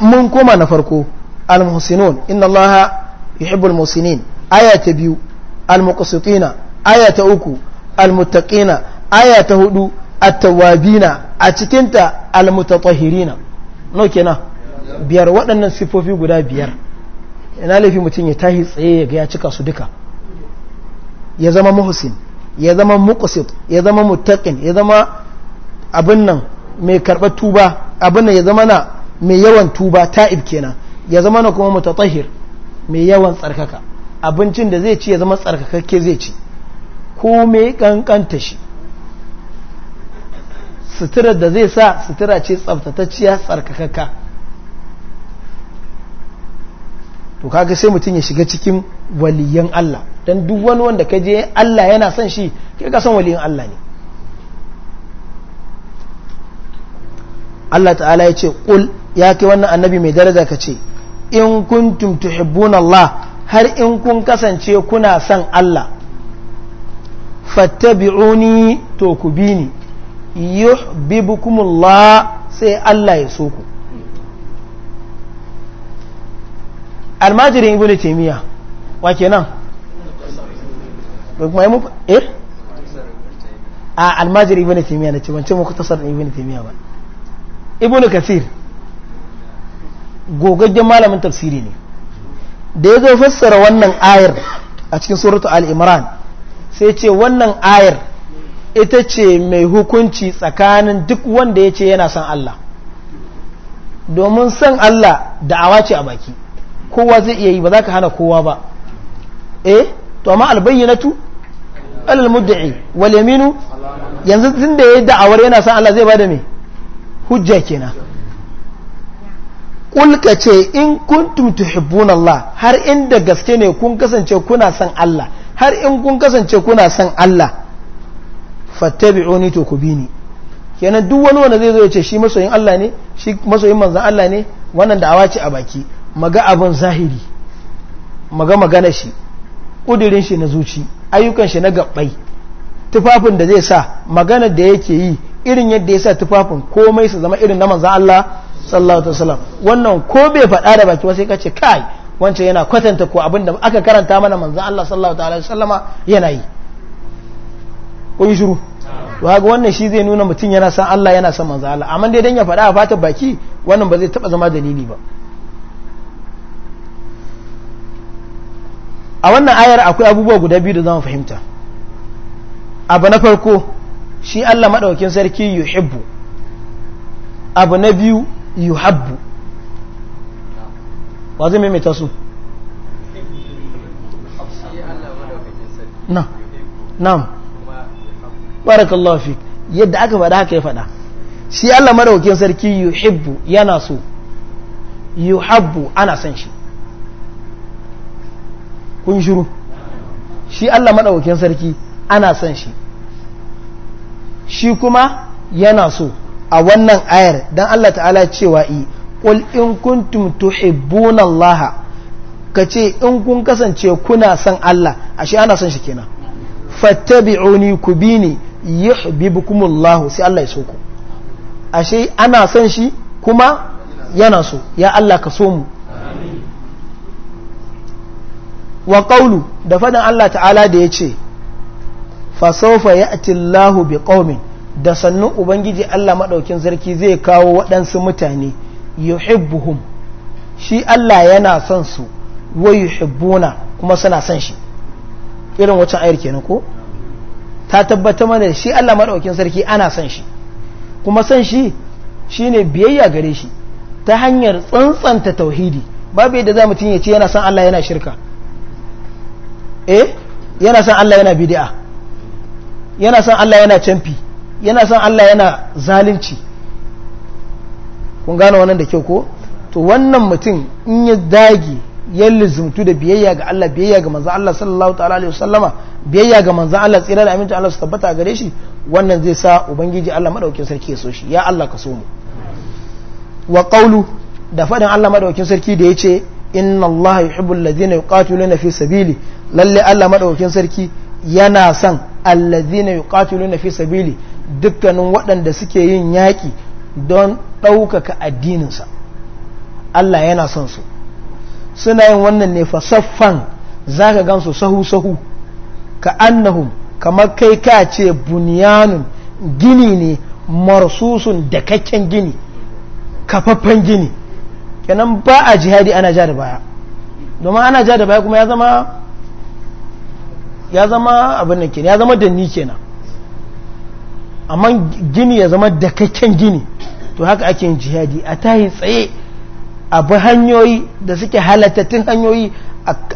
mun koma na farko al-muhsinun inna allaha yuhibbul muhsinin aya ta biyu al-muqsitina aya ta uku al-muttaqina aya ta hudu at-tawabina a cikin ta al-mutatahhirina no kenan biyar waɗannan sifofi guda biyar ina laifi mutum ya tahi tsaye ya ga ya cika su duka ya zama muhsin ya zama muqsit ya zama muttaqin ya zama abin nan mai karɓar tuba abin nan ya zama na mai yawan tuba ta'ib kenan ya zama na kuma mutatahir mai yawan tsarkaka abincin da zai ci ya zama tsarkakakke zai ci ko mai kankanta shi suturar da zai sa sutura ce tsaftatacciya tsarkakakka to kaga sai mutum ya shiga cikin waliyan Allah don duk wani wanda ka je Allah yana son shi ke ka waliyan Allah ne Allah ta'ala ya ce ƙul ya kai wannan annabi mai daraja ka ce in kuntum tuhibbuna Allah har in kun kasance kuna son Allah fattabi'uni to ku bi ni yuhibbukumullah sai Allah ya so ku almajirin ibnu taymiya wa kenan kuma mu eh a almajirin ibnu taymiya ne ce wancan mu kutasar ibnu taymiya ba ibnu kasir gogaggen malamin tafsiri ne da ya zo fassara wannan ayar a cikin suratu al-imran sai ce wannan ayar ita ce mai hukunci tsakanin duk wanda ya ce yana son Allah domin son Allah da'awa ce a baki kowa zai iya yi ba za ka hana kowa ba eh to amma albayyanatu alal mudda'i wal yaminu yanzu tunda yayi da'awar yana son Allah zai bada me hujja kenan kulka ce in kuntum tuhibbun Allah har inda gaske ne kun kasance kuna son Allah har in kun kasance kuna san Allah fattabi'uni to ku bi ni kenan duk wani wanda zai zo ya ce shi masoyin Allah ne shi masoyin manzan Allah ne wannan da awaci a baki maga abin zahiri maga magana shi kudirin shi na zuci ayyukan shi na gabbai tufafin da zai sa magana da yake yi irin yadda ya sa tufafin komai su zama irin na manzan Allah sallallahu alaihi wasallam wannan ko bai faɗa da baki sai ka ce kai wancan yana kwatanta ko abinda aka karanta mana manzon Allah sallallahu alaihi wasallam yana yi ko yi shiru to haka wannan shi zai nuna mutum yana san Allah yana san manzon Allah amma dai dan ya faɗa a fata baki wannan ba zai taba zama dalili ba a wannan ayar akwai abubuwa guda biyu da zamu fahimta abu na farko shi Allah madaukin sarki yuhibbu abu na biyu yuhabbu wa zai maimaita su na na'am barakallahu fi yadda aka faɗa haka ya faɗa shi Allah madaukakin sarki yuhibbu yana so yuhabbu ana son shi kun shiru shi Allah madaukakin sarki ana son shi shi kuma yana so a wannan ayar dan Allah ta'ala cewa yi ƙul in kuntum tuhibbuna Allah ce in kun kasance kuna son Allah ashe ana son shi kenan fattabi'uni ku bi ni yuhibbukumullah sai Allah ya so ku ashe ana son shi kuma yana so ya Allah ka so mu wa qawlu da fadan Allah ta'ala da yace fa sawfa ya'ti Allahu bi qaumin da sannu ubangiji Allah maɗaukin sarki zai kawo waɗansu mutane yuhibbuhum shi Allah yana son su wa yuhibbuna kuma suna son shi irin wacce ayar kenan ko ta tabbata mana shi Allah maɗaukin sarki ana son shi kuma son shi shine biyayya gare shi ta hanyar tsantsanta tauhidi babu yadda za mutum ya ce yana son Allah yana shirka eh yana son Allah yana bid'a yana son Allah yana canfi yana son Allah yana zalunci kun gane wannan da kyau ko to wannan mutum in ya dage ya lizumtu da biyayya ga Allah biyayya ga manzo Allah sallallahu ta'ala alaihi wasallama biyayya ga manzo Allah tsira da aminci Allah su tabbata gare shi wannan zai sa ubangiji Allah madaukakin sarki ya so shi ya Allah ka so mu wa qawlu da fadin Allah madaukakin sarki da yace inna Allah yuhibbul ladina yuqatiluna fi sabili lalle Allah madaukakin sarki yana san allazina yuqatiluna fi sabili dukkanin waɗanda suke yin yaƙi don ɗaukaka addininsa Allah yana son su suna yin wannan ne fasaffan za ka gansu sahu-sahu ka annahum kamar kai ka ce buniyanun gini ne marsusun da kakken gini kafaffen gini kenan ba a jihadi ana ja da baya domin ana ja da baya kuma ya zama abin da kenan ya zama da ni kenan amma gini ya zama dakakken gini to haka ake yin jihadi a tahi tsaye a bi hanyoyi da suke halattattun hanyoyi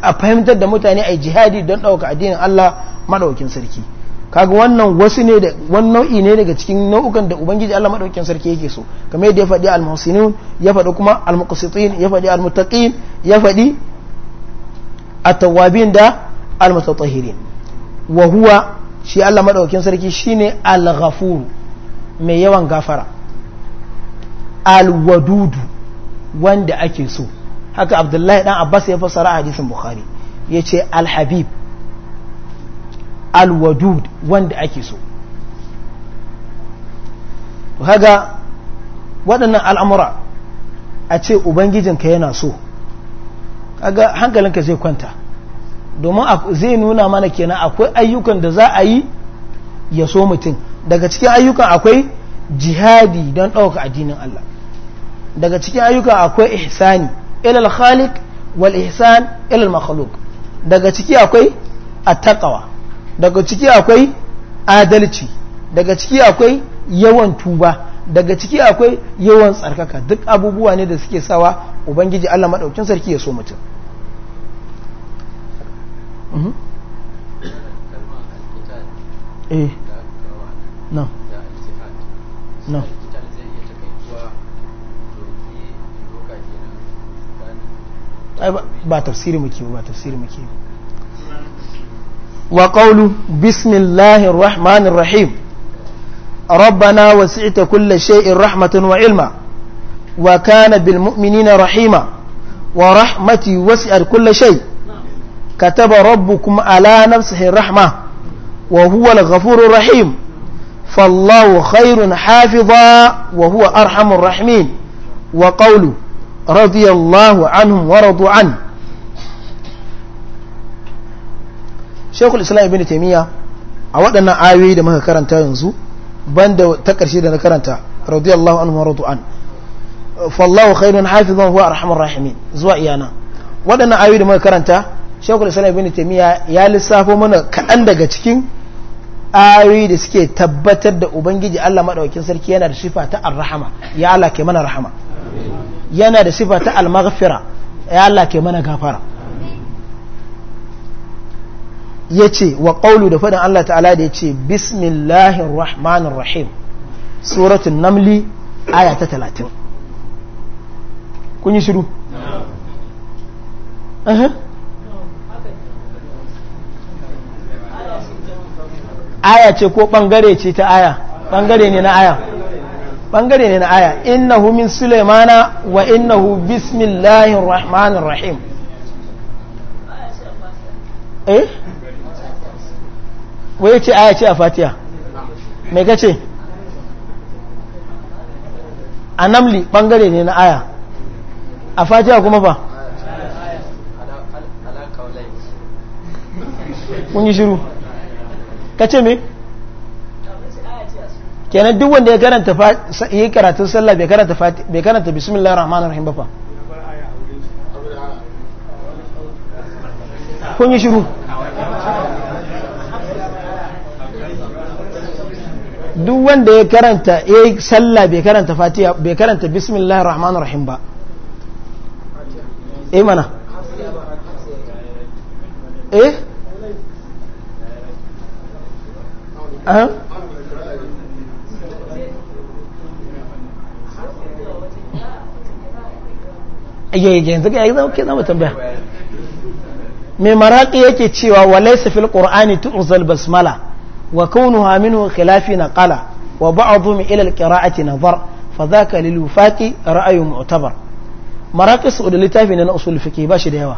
a fahimtar da mutane a jihadi don ɗauka addinin Allah maɗaukin sarki kaga wannan wasu ne da wani nau'i ne daga cikin nau'ukan da ubangiji Allah madaukakin sarki yake so kamar yadda ya faɗi al-muhsinun ya faɗi kuma al-muqsitin ya faɗi al-muttaqin ya faɗi at-tawwabin da al-mutatahhirin wa huwa shi Allah maɗaukin sarki shine al-ghafur mai yawan gafara al-wadudu wanda ake so haka Abdullahi dan Abbas ya fassara hadisin Bukhari yace al-habib al-wadud wanda ake so haka waɗannan al'amura a ce ubangijinka yana so kaga hankalinka zai kwanta domin zai nuna mana kenan akwai ayyukan da za a yi ya so mutum daga cikin ayyukan akwai jihadi don ɗauka addinin Allah daga cikin ayyukan akwai ihsani ilal khaliq wal ihsan ilal makhluk daga ciki akwai attaqwa daga ciki akwai adalci daga ciki akwai yawan tuba daga ciki akwai yawan tsarkaka duk abubuwa ne da suke sawa ubangiji Allah madaukin sarki ya so mutum wa qawlu bismillahir rahmanir rahim rabbana wasi'ta kulla shay'in rahmatan wa ilma wa kana bil mu'minina rahima wa rahmati wasi'at kula shai. كتب ربكم على نفسه الرحمة وهو الغفور الرحيم فالله خير حافظا وهو أرحم الراحمين وقوله رضي الله عنهم ورضوا عنه شيخ الإسلام ابن تيمية a waɗannan ayoyi da karanta yanzu banda ta ƙarshe da karanta radiyallahu anhu radu an fallahu khairun hafizan huwa arhamar rahimin zuwa iyana waɗannan ayoyi da muka karanta shekul islam ibn taimiyya ya lissafo mana kaɗan daga cikin ayoyi da suke tabbatar da ubangiji allah maɗaukin sarki yana da sifa ta arrahama ya allah ke mana rahama yana da sifa ta almaghfira ya allah ke mana gafara ya ce wa ƙaulu da faɗin allah ta'ala da ya ce bismillahir rahmanir rahim suratun namli aya ta talatin kun yi shiru aya ce ko bangare ce ta aya bangare ne na aya bangare ne na aya innahu min sulaimana wa innahu bismillahir rahmanir rahim eh wai ce aya ce a fatiha me kace a namli bangare ne na aya a fatiha kuma ba kun yi shiru ka ce me kenan duk wanda ya karanta yi karatun sallah bai karanta bai karanta bismillahir rahmanir rahim ba fa kun yi shiru duk wanda ya karanta ya yi sallah bai karanta fatiha bai karanta bismillahir rahmanir rahim ba eh mana eh yanzu ga yanzu ke zama tambaya mai maraƙi yake cewa wa laisa fil qur'ani uzal basmala wa kaunu haminu khilafi ƙala wa ba'dhu min ila al na nazar fa dhaka lil wufaqi ra'ayu mu'tabar maraƙi su da littafi na usul fiqh ba shi da yawa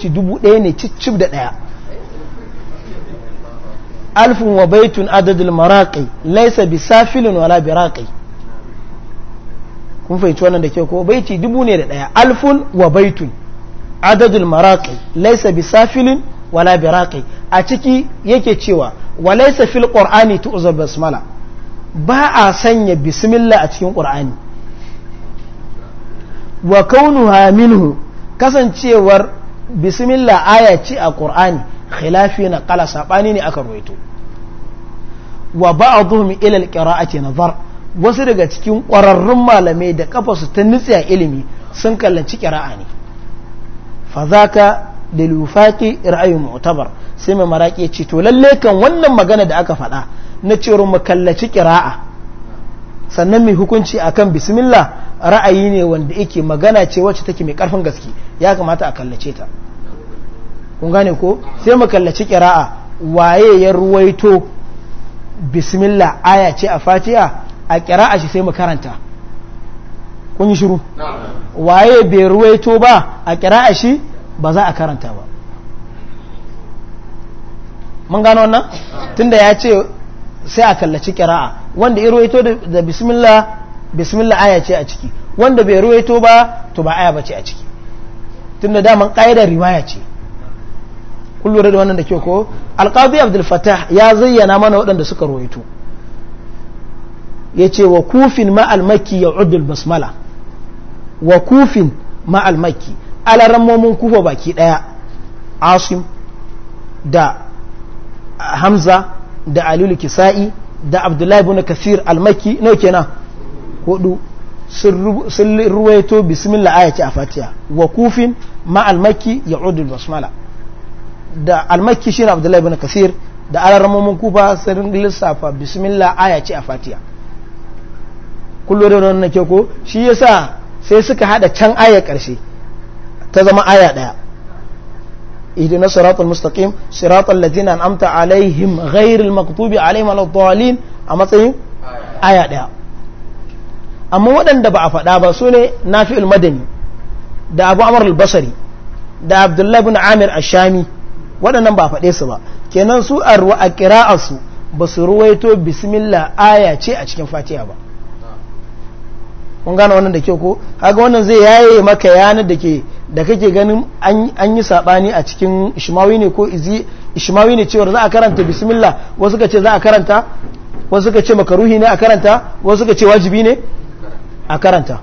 ci dubu ɗaya ne cicib da ɗaya alfin wa baitun adadin maraƙi laisa bi safilin wala bi raƙi kun fahimci wannan da ke ko baiti dubu ne da ɗaya alfun wa baitun adadin maraƙi laisa bi safilin wala bi raƙi a ciki yake cewa wa laisa fil qur'ani tu'zar basmala ba a sanya bismillah a cikin qur'ani wa kaunu minhu kasancewar bismillah aya ce a qur'ani khilafi na kala sabani ne aka ruwaito wa ba'dhum ila al nazar wasu daga cikin ƙwararrun malamai da kafasu ta nutse a ilimi sun kallanci ƙira'a ne fa zaka da lufaki ra'ayin mu'tabar sai mai maraƙi ce to lalle kan wannan magana da aka faɗa na cewa mu kallaci ƙira'a sannan mai hukunci akan bismillah ra'ayi ne wanda yake magana ce wacce take mai ƙarfin gaske ya kamata a kallace ta kun gane ko sai mu kallaci kira'a waye ya ruwaito bismillah aya ce a fatiha a kira'a shi sai mu karanta kun yi shiru waye bai ruwaito ba a kira'a shi ba za a karanta ba mun gano wannan tunda ya ce sai a kallaci kira'a wanda ya ruwaito da bismillah bismillah aya ce a ciki wanda bai ruwaito ba to ba aya ba ce a ciki tunda daman ƙa'idar riwaya ce kun lura da wannan da ke ko alqadi abdul fatah ya zayyana mana waɗanda suka ruwaito yace wa kufin ma al ya ya'udul basmala wa kufin ma al makki alarammomin kufa baki ɗaya asim da hamza da alilu kisa'i da abdullahi ibn kathir al makki nawa kenan hudu sun ruwaito bismillah ayati a fatiha wa kufin ma al ya ya'udul basmala da almakki shine abdullahi kasir da alarmomin kufa sun lissafa bismillah aya ce a fatiya kullu da wannan ke ko shi yasa sai suka hada can aya karshe ta zama aya daya ihdina siratal mustaqim siratal ladina an'amta alaihim ghairil maktubi alaihim waladdallin a matsayin aya daya amma waɗanda ba a faɗa ba su ne nafi'ul madani da abu amr al-basri da abdullahi ibn amir ash-shami waɗannan ba faɗe su ba kenan su a ruwa a ƙira'arsu ba su ruwaito bismillah aya ce a cikin fatiha ba kun gane wannan da ke ko haka wannan zai yaye maka yanar da ke da kake ganin an yi saɓani a cikin ishmawi ne ko izi ishmawi ne cewar za a karanta bismillah wasu ka ce za a karanta wasu ka ce makaruhi ne a karanta wasu ka ce wajibi ne a karanta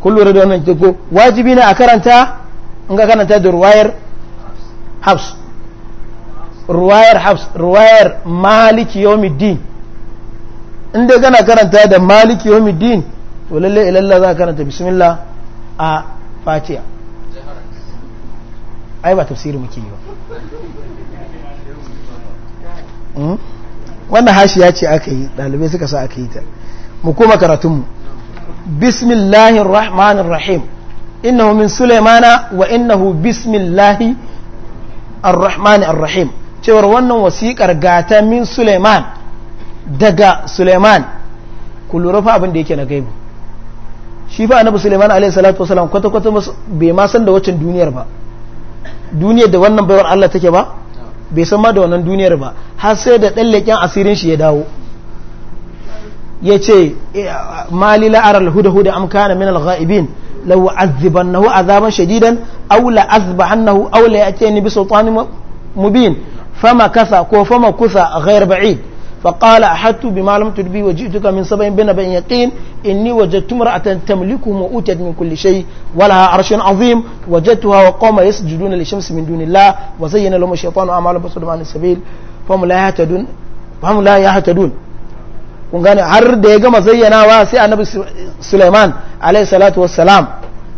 kullum da wannan ke ko wajibi ne a karanta in ka karanta da ruwayar habs ruwayar habs ruwayar maliki yawmiddin inda kana karanta da maliki yawmiddin to lalle ilalla za karanta bismillah a fatiha ai ba tafsiri muke yi ba hmm? wannan ya ce aka yi ɗalibai suka sa aka yi ta mu koma karatunmu bismillahir rahmanir rahim innahu min sulaimana wa innahu bismillahi ar-rahman ar-rahim cewar wannan wasiƙar gata min suleiman daga suleiman ku lura abin da yake na gaibu shi fa annabi suleiman alayhi salatu wasalam kwata kwata bai ma san da waccan duniyar ba duniyar da wannan baiwar Allah take ba bai san ma da wannan duniyar ba har sai da dan asirin shi ya dawo yace eh, mali aral huda huda am kana min al-ghaibin لو عذبنه عذابا شديدا أو لأذبحنه أو ليأتيني بسلطان مبين فما كسى فما كسى غير بعيد فقال أحدت بما لم تدبي وجئتك من سبع بنبأ يقين إني وجدت امرأة تملكهم وأوتت من كل شيء ولها عرش عظيم وجدتها وقوم يسجدون للشمس من دون الله وزين لهم الشيطان أعمالهم فصدوا عن السبيل فهم لا يهتدون فهم لا يهتدون kun gane har da ya gama zayyanawa sai annabi Sulaiman alayhi salatu wassalam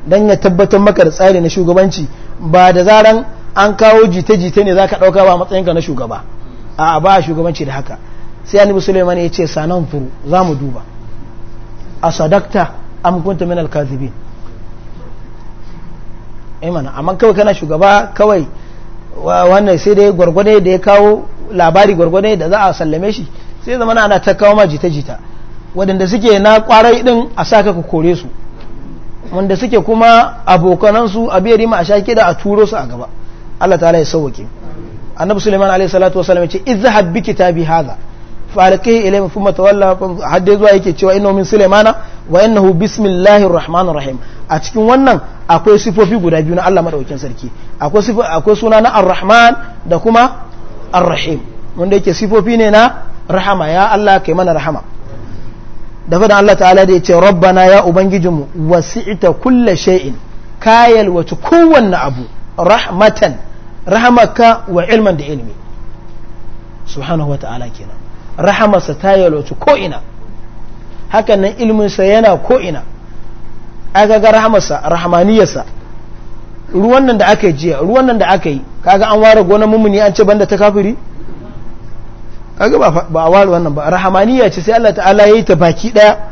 dan ya tabbatar maka da tsari na shugabanci ba da zaran an kawo jita-jita ne zaka dauka ba matsayin ka na shugaba a ba shugabanci da haka sai annabi Sulaiman ya ce sanan furu zamu duba a sadakta am kunta min al kazibin eh amma kawai kana shugaba kawai wannan sai dai gwargwane da ya kawo labari gwargwane da za a sallame shi sai zama ana ta kawo ma jita-jita waɗanda suke na kwarai ɗin a sa ka kore su wanda suke kuma abokanansu a biyar ma a sha da a turo su a gaba Allah ta ya sauwake annabi suleiman alaihi salatu wasallam ce izhab bi kitabi hadha fa alqihi ilayhi thumma matawalla hadde zuwa yake cewa innahu min suleimana wa innahu bismillahir rahmanir rahim a cikin wannan akwai sifofi guda biyu na Allah madaukakin sarki akwai suna na ar da kuma ar-rahim wanda yake sifofi ne na rahama ya Allah kai mana rahama da faɗin Allah ta'ala da ya ce rabbana ya ubangijinmu wasi'ita kulla shay'in kayal wata kowanne abu rahmatan rahamaka wa ilman da ilmi subhanahu wa ta'ala kenan rahamarsa ta ko ina hakan nan ilminsa yana ko'ina aka ga rahamarsa rahamaniyarsa ruwan nan da aka yi jiya ruwan nan da aka yi kaga an ware gonar mummuni an ce banda ta kafiri kaga ba a wannan ba rahamaniya ce sai Allah ta'ala ya yi ta baki daya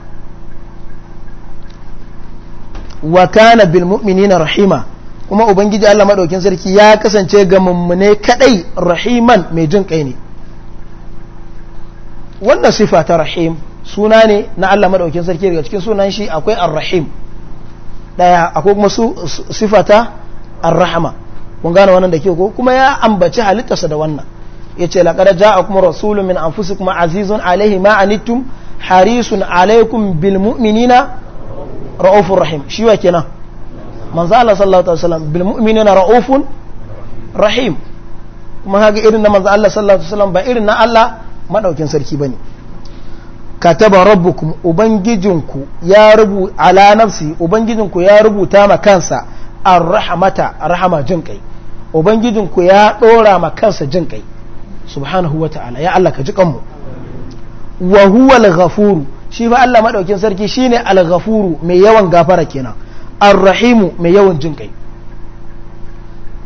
wa kana bil mu'minina rahima kuma ubangiji Allah madaukin sarki ya kasance ga mummune kadai rahiman mai jin kai ne wannan sifa ta rahim suna ne na Allah madaukin sarki daga cikin sunan shi akwai ar-rahim daya akwai kuma sifa ta ar-rahma kun gane wannan da ke ko kuma ya ambaci halittarsa da wannan yace ja'a ja'akum rasulun min anfusikum azizun alayhi ma anittum harisun alaykum bil mu'minina raufur rahim shi wa kenan manzo Allah sallallahu alaihi wasallam bil mu'minina raufun rahim kuma kaga irin na manzo Allah sallallahu alaihi wasallam ba irin na Allah madaukin sarki bane kataba rabbukum ubangijinku ya rubu ala nafsi ubangijinku ya rubuta ma kansa ar-rahmata rahama jinkai ubangijinku ya dora ma kansa jinkai subhanahu wa ta'ala ya Allah ka ji kanmu wa huwa al-ghafuru shi fa Allah madaukin sarki shine al-ghafuru mai yawan gafara kenan ar-rahimu mai yawan jin kai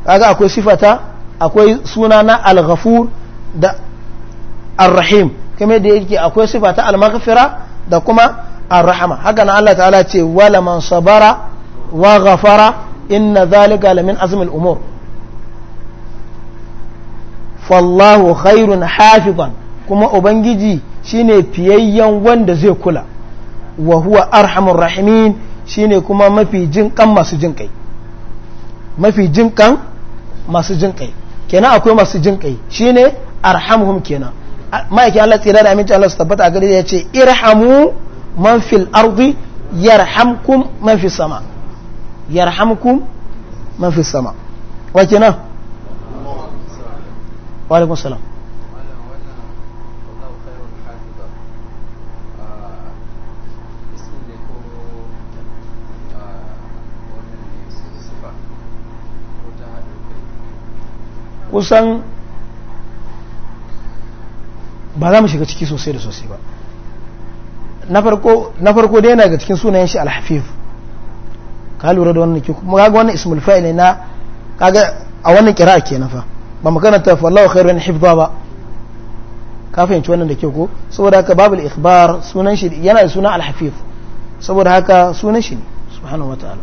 kaga akwai sifata akwai suna na al-ghafur da ar-rahim kamar da yake akwai sifata al-maghfira da kuma ar-rahama haka nan Allah ta'ala ce wala man sabara wa ghafara inna zalika lamin azmil umur fallahu khairun hafizan kuma ubangiji shine fiyayyen wanda zai kula wa huwa arhamur rahimin shine kuma mafi jin kan masu jin mafi jin kan masu jin kai kenan akwai masu jin shine arhamhum kenan ma'aikin Allah tsira da aminci Allah su tabbata a gari ya ce irhamu man fil ardi yarhamkum man fis sama yarhamkum man fis sama wa kenan وعليكم السلام kusan ba za mu shiga ciki sosai da sosai ba na farko dai yana ga cikin sunayen shi alhafif ka lura da wannan kuma kaga wannan ismul fa'il na kaga a wannan kira ke nafa ba ta karanta fallahu khairun hifdha ba ka fahimci wannan da ke ko saboda haka babu ikhbar sunan shi yana da suna al-hafiz saboda haka sunan shi ne subhanahu wataala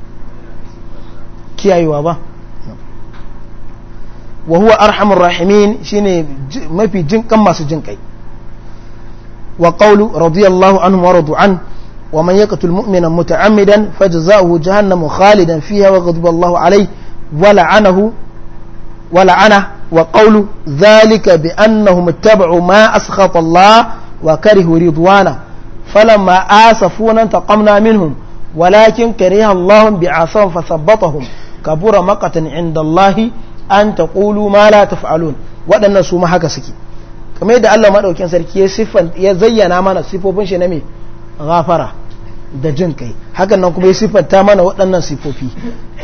kiyayewa ba wa huwa arhamur rahimin shine mafi jinkan masu jinkai wa qawlu radiyallahu anhu wa radu an wa man yaqtul mu'mina muta'ammidan fajza'uhu jahannamu khalidan fiha wa ghadiba Allahu alayhi wa la'anahu wa la'ana وقول ذلك بأنهم اتبعوا ما أسخط الله وكرهوا رضوانه فلما آسفونا انتقمنا منهم ولكن كره الله بعاصهم فثبطهم كبر مقتا عند الله أن تقولوا ما لا تفعلون وأن سوما حكا سكي كما يدى الله مدعوكين سركي صفا يزينا مانا صفوفين شنمي غافرة da jin kai hakan nan kuma ya siffanta mana waɗannan sifofi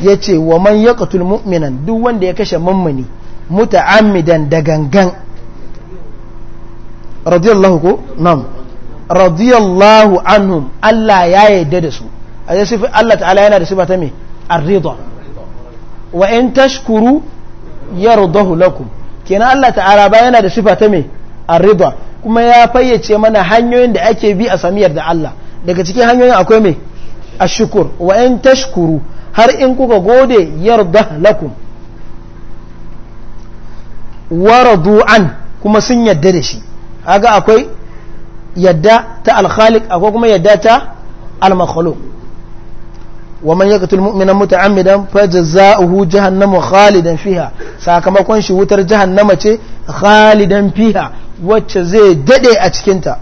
ya ce wa man ya mu'minan duk wanda ya kashe mammani muta'ammidan da gangan radiyallahu ko nam radiyallahu anhum Allah ya yarda da su a yi sifi Allah ta'ala yana da sifata mai me wa in tashkuru yardahu lakum kenan Allah ta'ala ba yana da sifata mai me kuma ya fayyace mana hanyoyin da ake bi a samiyar da Allah daga cikin hanyoyin akwai mai ashukur wa in tashkuru har in kuka gode yarda lakum waradu an kuma sun yadda da shi aga akwai yadda ta alkhalik akwai kuma yadda ta almakhalo wa man yaqtul mu'mina muta'ammidan fajza'uhu jahannamu khalidan fiha sakamakon shi wutar jahannama ce khalidan fiha wacce zai dade a cikin ta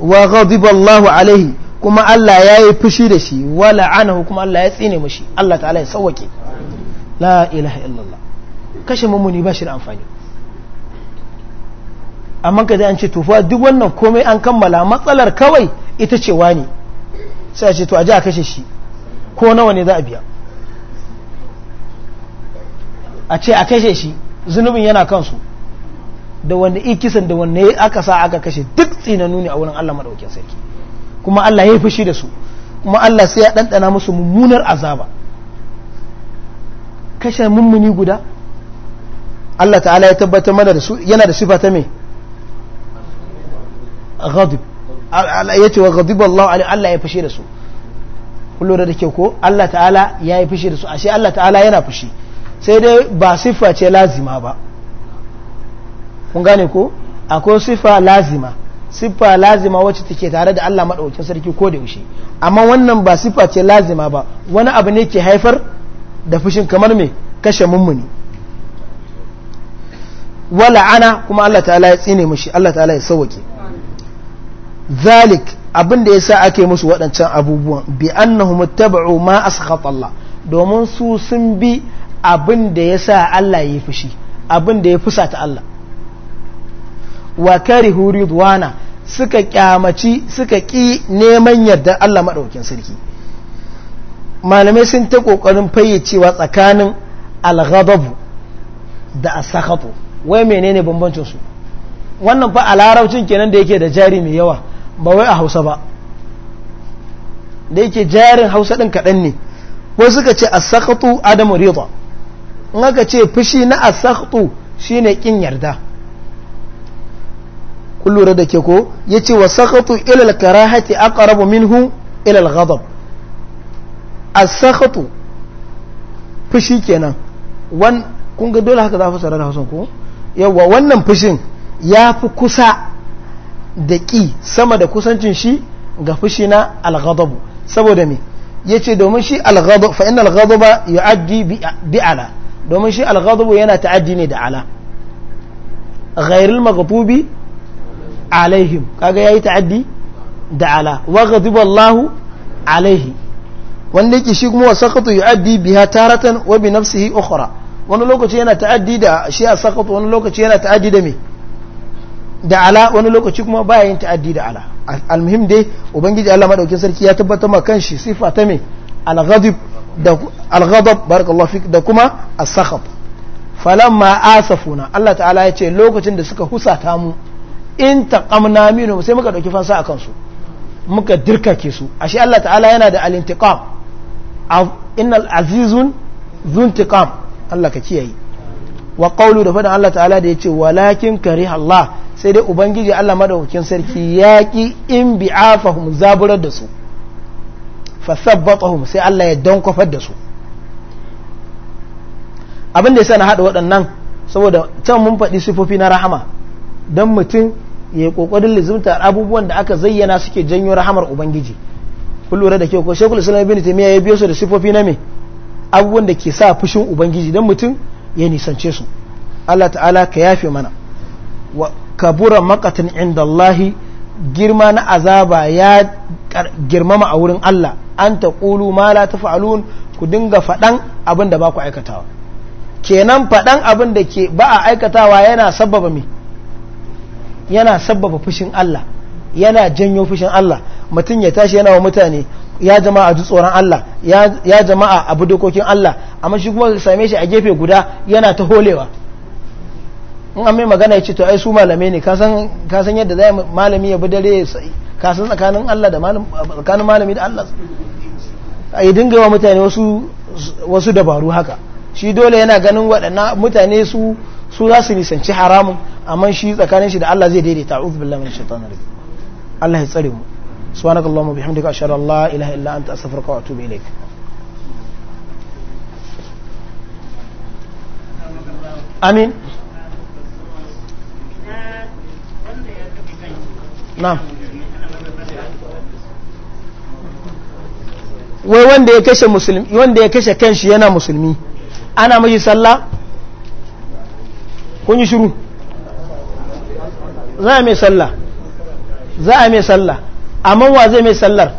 wa ghadiba Allahu alaihi kuma Allah yayi fushi da shi wa la'anahu kuma Allah ya tsine mashi Allah ta'ala ya sauwake la ilaha illallah kashe mamuni ba shi da amfani amma ka an ce tufa duk wannan komai an kammala matsalar kawai ita ce wani sai a ce to a ji a kashe shi ko nawa ne za a biya a ce a kashe shi zunubin yana kansu da wanda ikisan da wanda aka sa aka kashe duk tsinanu ne a wurin Allah madaukakin sarki kuma Allah ya yi fushi da su kuma Allah sai ya ɗanɗana musu mummunar azaba kashe mummuni guda Allah ta'ala ya tabbatar mana da su yana da sifa ta mai غضب Allah ya ce wa ghadiba Allah alai Allah ya fushi da su kullu da ke ko Allah ta'ala ya yi fushi da su ashe Allah ta'ala yana fushi sai dai ba siffa ce lazima ba kun gane ko akwai siffa lazima siffa lazima wacce take tare da Allah madaukakin sarki ko da yaushe amma wannan ba siffa ce lazima ba wani abu ne ke haifar da fushin kamar me kashe mummuni wala ana kuma Allah ta'ala ya tsine mushi Allah ta'ala ya sauke zalik abin da yasa ake musu waɗancan abubuwan bi annahu ittaba'u ma askhata Allah domin su sun bi abin da yasa Allah ya fushi abin da ya fusata Allah wa karihu ridwana suka kyamaci suka ki neman yarda Allah maɗaukin sarki malamai sun ta kokarin fayyacewa tsakanin al-ghadab da as wai menene bambancin su wannan fa a larabcin kenan da yake da jari mai yawa ba wai a hausa ba da yake jarin hausa ɗin kaɗan ne ko suka ce asakatu adamu rida in aka ce fushi na asakatu shine ƙin yarda kullura da ke ko ya ce wa sakatu ilal karahati min minhu ilal ghadab asakatu fushi kenan wani kun ga dole haka za a fasara da hausa ko yawa wannan fushin ya fi kusa da ƙi sama da kusancin shi ga fushi na alghadabu saboda me yace domin shi alghadab fa ba ghadaba yu'addi bi ala domin shi alghadabu yana ta'addi ne da ala ghairul maghdubi alaihim kaga yayi ta'addi da ala wa ghadiba Allah alaihi wanda yake shi kuma wasaqatu yu'addi biha taratan wa bi nafsihi ukhra wani lokaci yana ta'addi da shi a wani lokaci yana ta'addi da me da ala wani lokaci kuma baya yin ta'addi da ala almuhim dai ubangiji Allah madaukin sarki ya tabbatar ma kanshi sifa ta me al-ghadab da al-ghadab barakallahu fik da kuma as-sakhab falamma asafuna Allah ta'ala ya ce lokacin da suka husata mu in taqamna minhum sai muka dauki fansa akan su muka dirkake su ashe Allah ta'ala yana da al-intiqam innal azizun zuntiqam Allah ka kiyaye wa qawlu da fadan Allah ta'ala da yace walakin kariha Allah sai dai ubangiji Allah madaukakin sarki ya ki in bi'afahum zaburar da su fasabbatahum sai Allah ya dankofar da su abin da yasa na hada waɗannan saboda can mun faɗi sifofi na rahama dan mutum ya kokarin lizumta abubuwan da aka zayyana suke janyo rahamar ubangiji kun lura da kyau ko shekul islam ibn taymiya ya biyo su da sifofi na me abubuwan da ke sa fushin ubangiji dan mutum ya nisance su Allah ta'ala ka yafe mana kabura makatan inda Allahi girma na azaba ya girmama a wurin Allah an ta ƙulu ma la ta fa'alun ku dinga faɗan abin da ba ku aikatawa kenan faɗan abin da ke ba a aikatawa yana sababa mi yana sabbaba fushin Allah yana janyo fushin Allah mutum ya tashi yana wa mutane ya jama'a ji tsoron Allah ya jama'a abu dokokin Allah amma shi kuma same shi a gefe guda yana ta holewa in an mai magana ya ce to ai su malamai ne ka san yadda zai malami ya bi dare ka san tsakanin Allah da tsakanin malami da Allah a yi dinga wa mutane wasu dabaru haka shi dole yana ganin waɗannan mutane su su za su nisanci haramun amma shi tsakanin shi da Allah zai daidaita a'udhu billahi minash shaitanir rajim Allah ya tsare mu subhanakallahumma bihamdika ashhadu an la ilaha illa anta astaghfiruka wa atubu ilaik amin na'am wai wanda ya kashe musulmi wanda ya kashe kanshi yana musulmi ana mashi sallah kun yi shiru za a mai sallah za a mai sallah amma wa zai mai sallar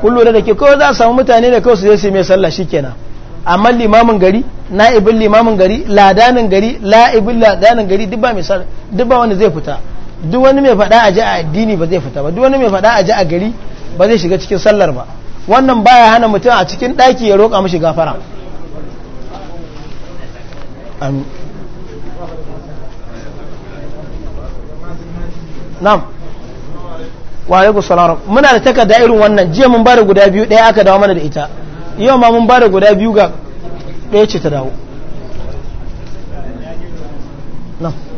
kullu da ke kawai za a samu mutane da kawai su zai su mai sallah shikenan amma limamin gari na'ibin limamin gari ladanin gari la'ibin ladanin gari duk ba mai sallah duk ba wanda zai fita duk wani mai fada a ji a addini ba zai fita ba duk wani mai fada a ji a gari ba zai shiga cikin sallar ba wannan baya hana mutum a cikin daki ya roƙa mashi gafara nam wa ku salam muna da takarda irin wannan jiya mun bada guda biyu ɗaya aka dawo mana da ita yau ma mun bada guda biyu ga ɗaya ce ta dawo nam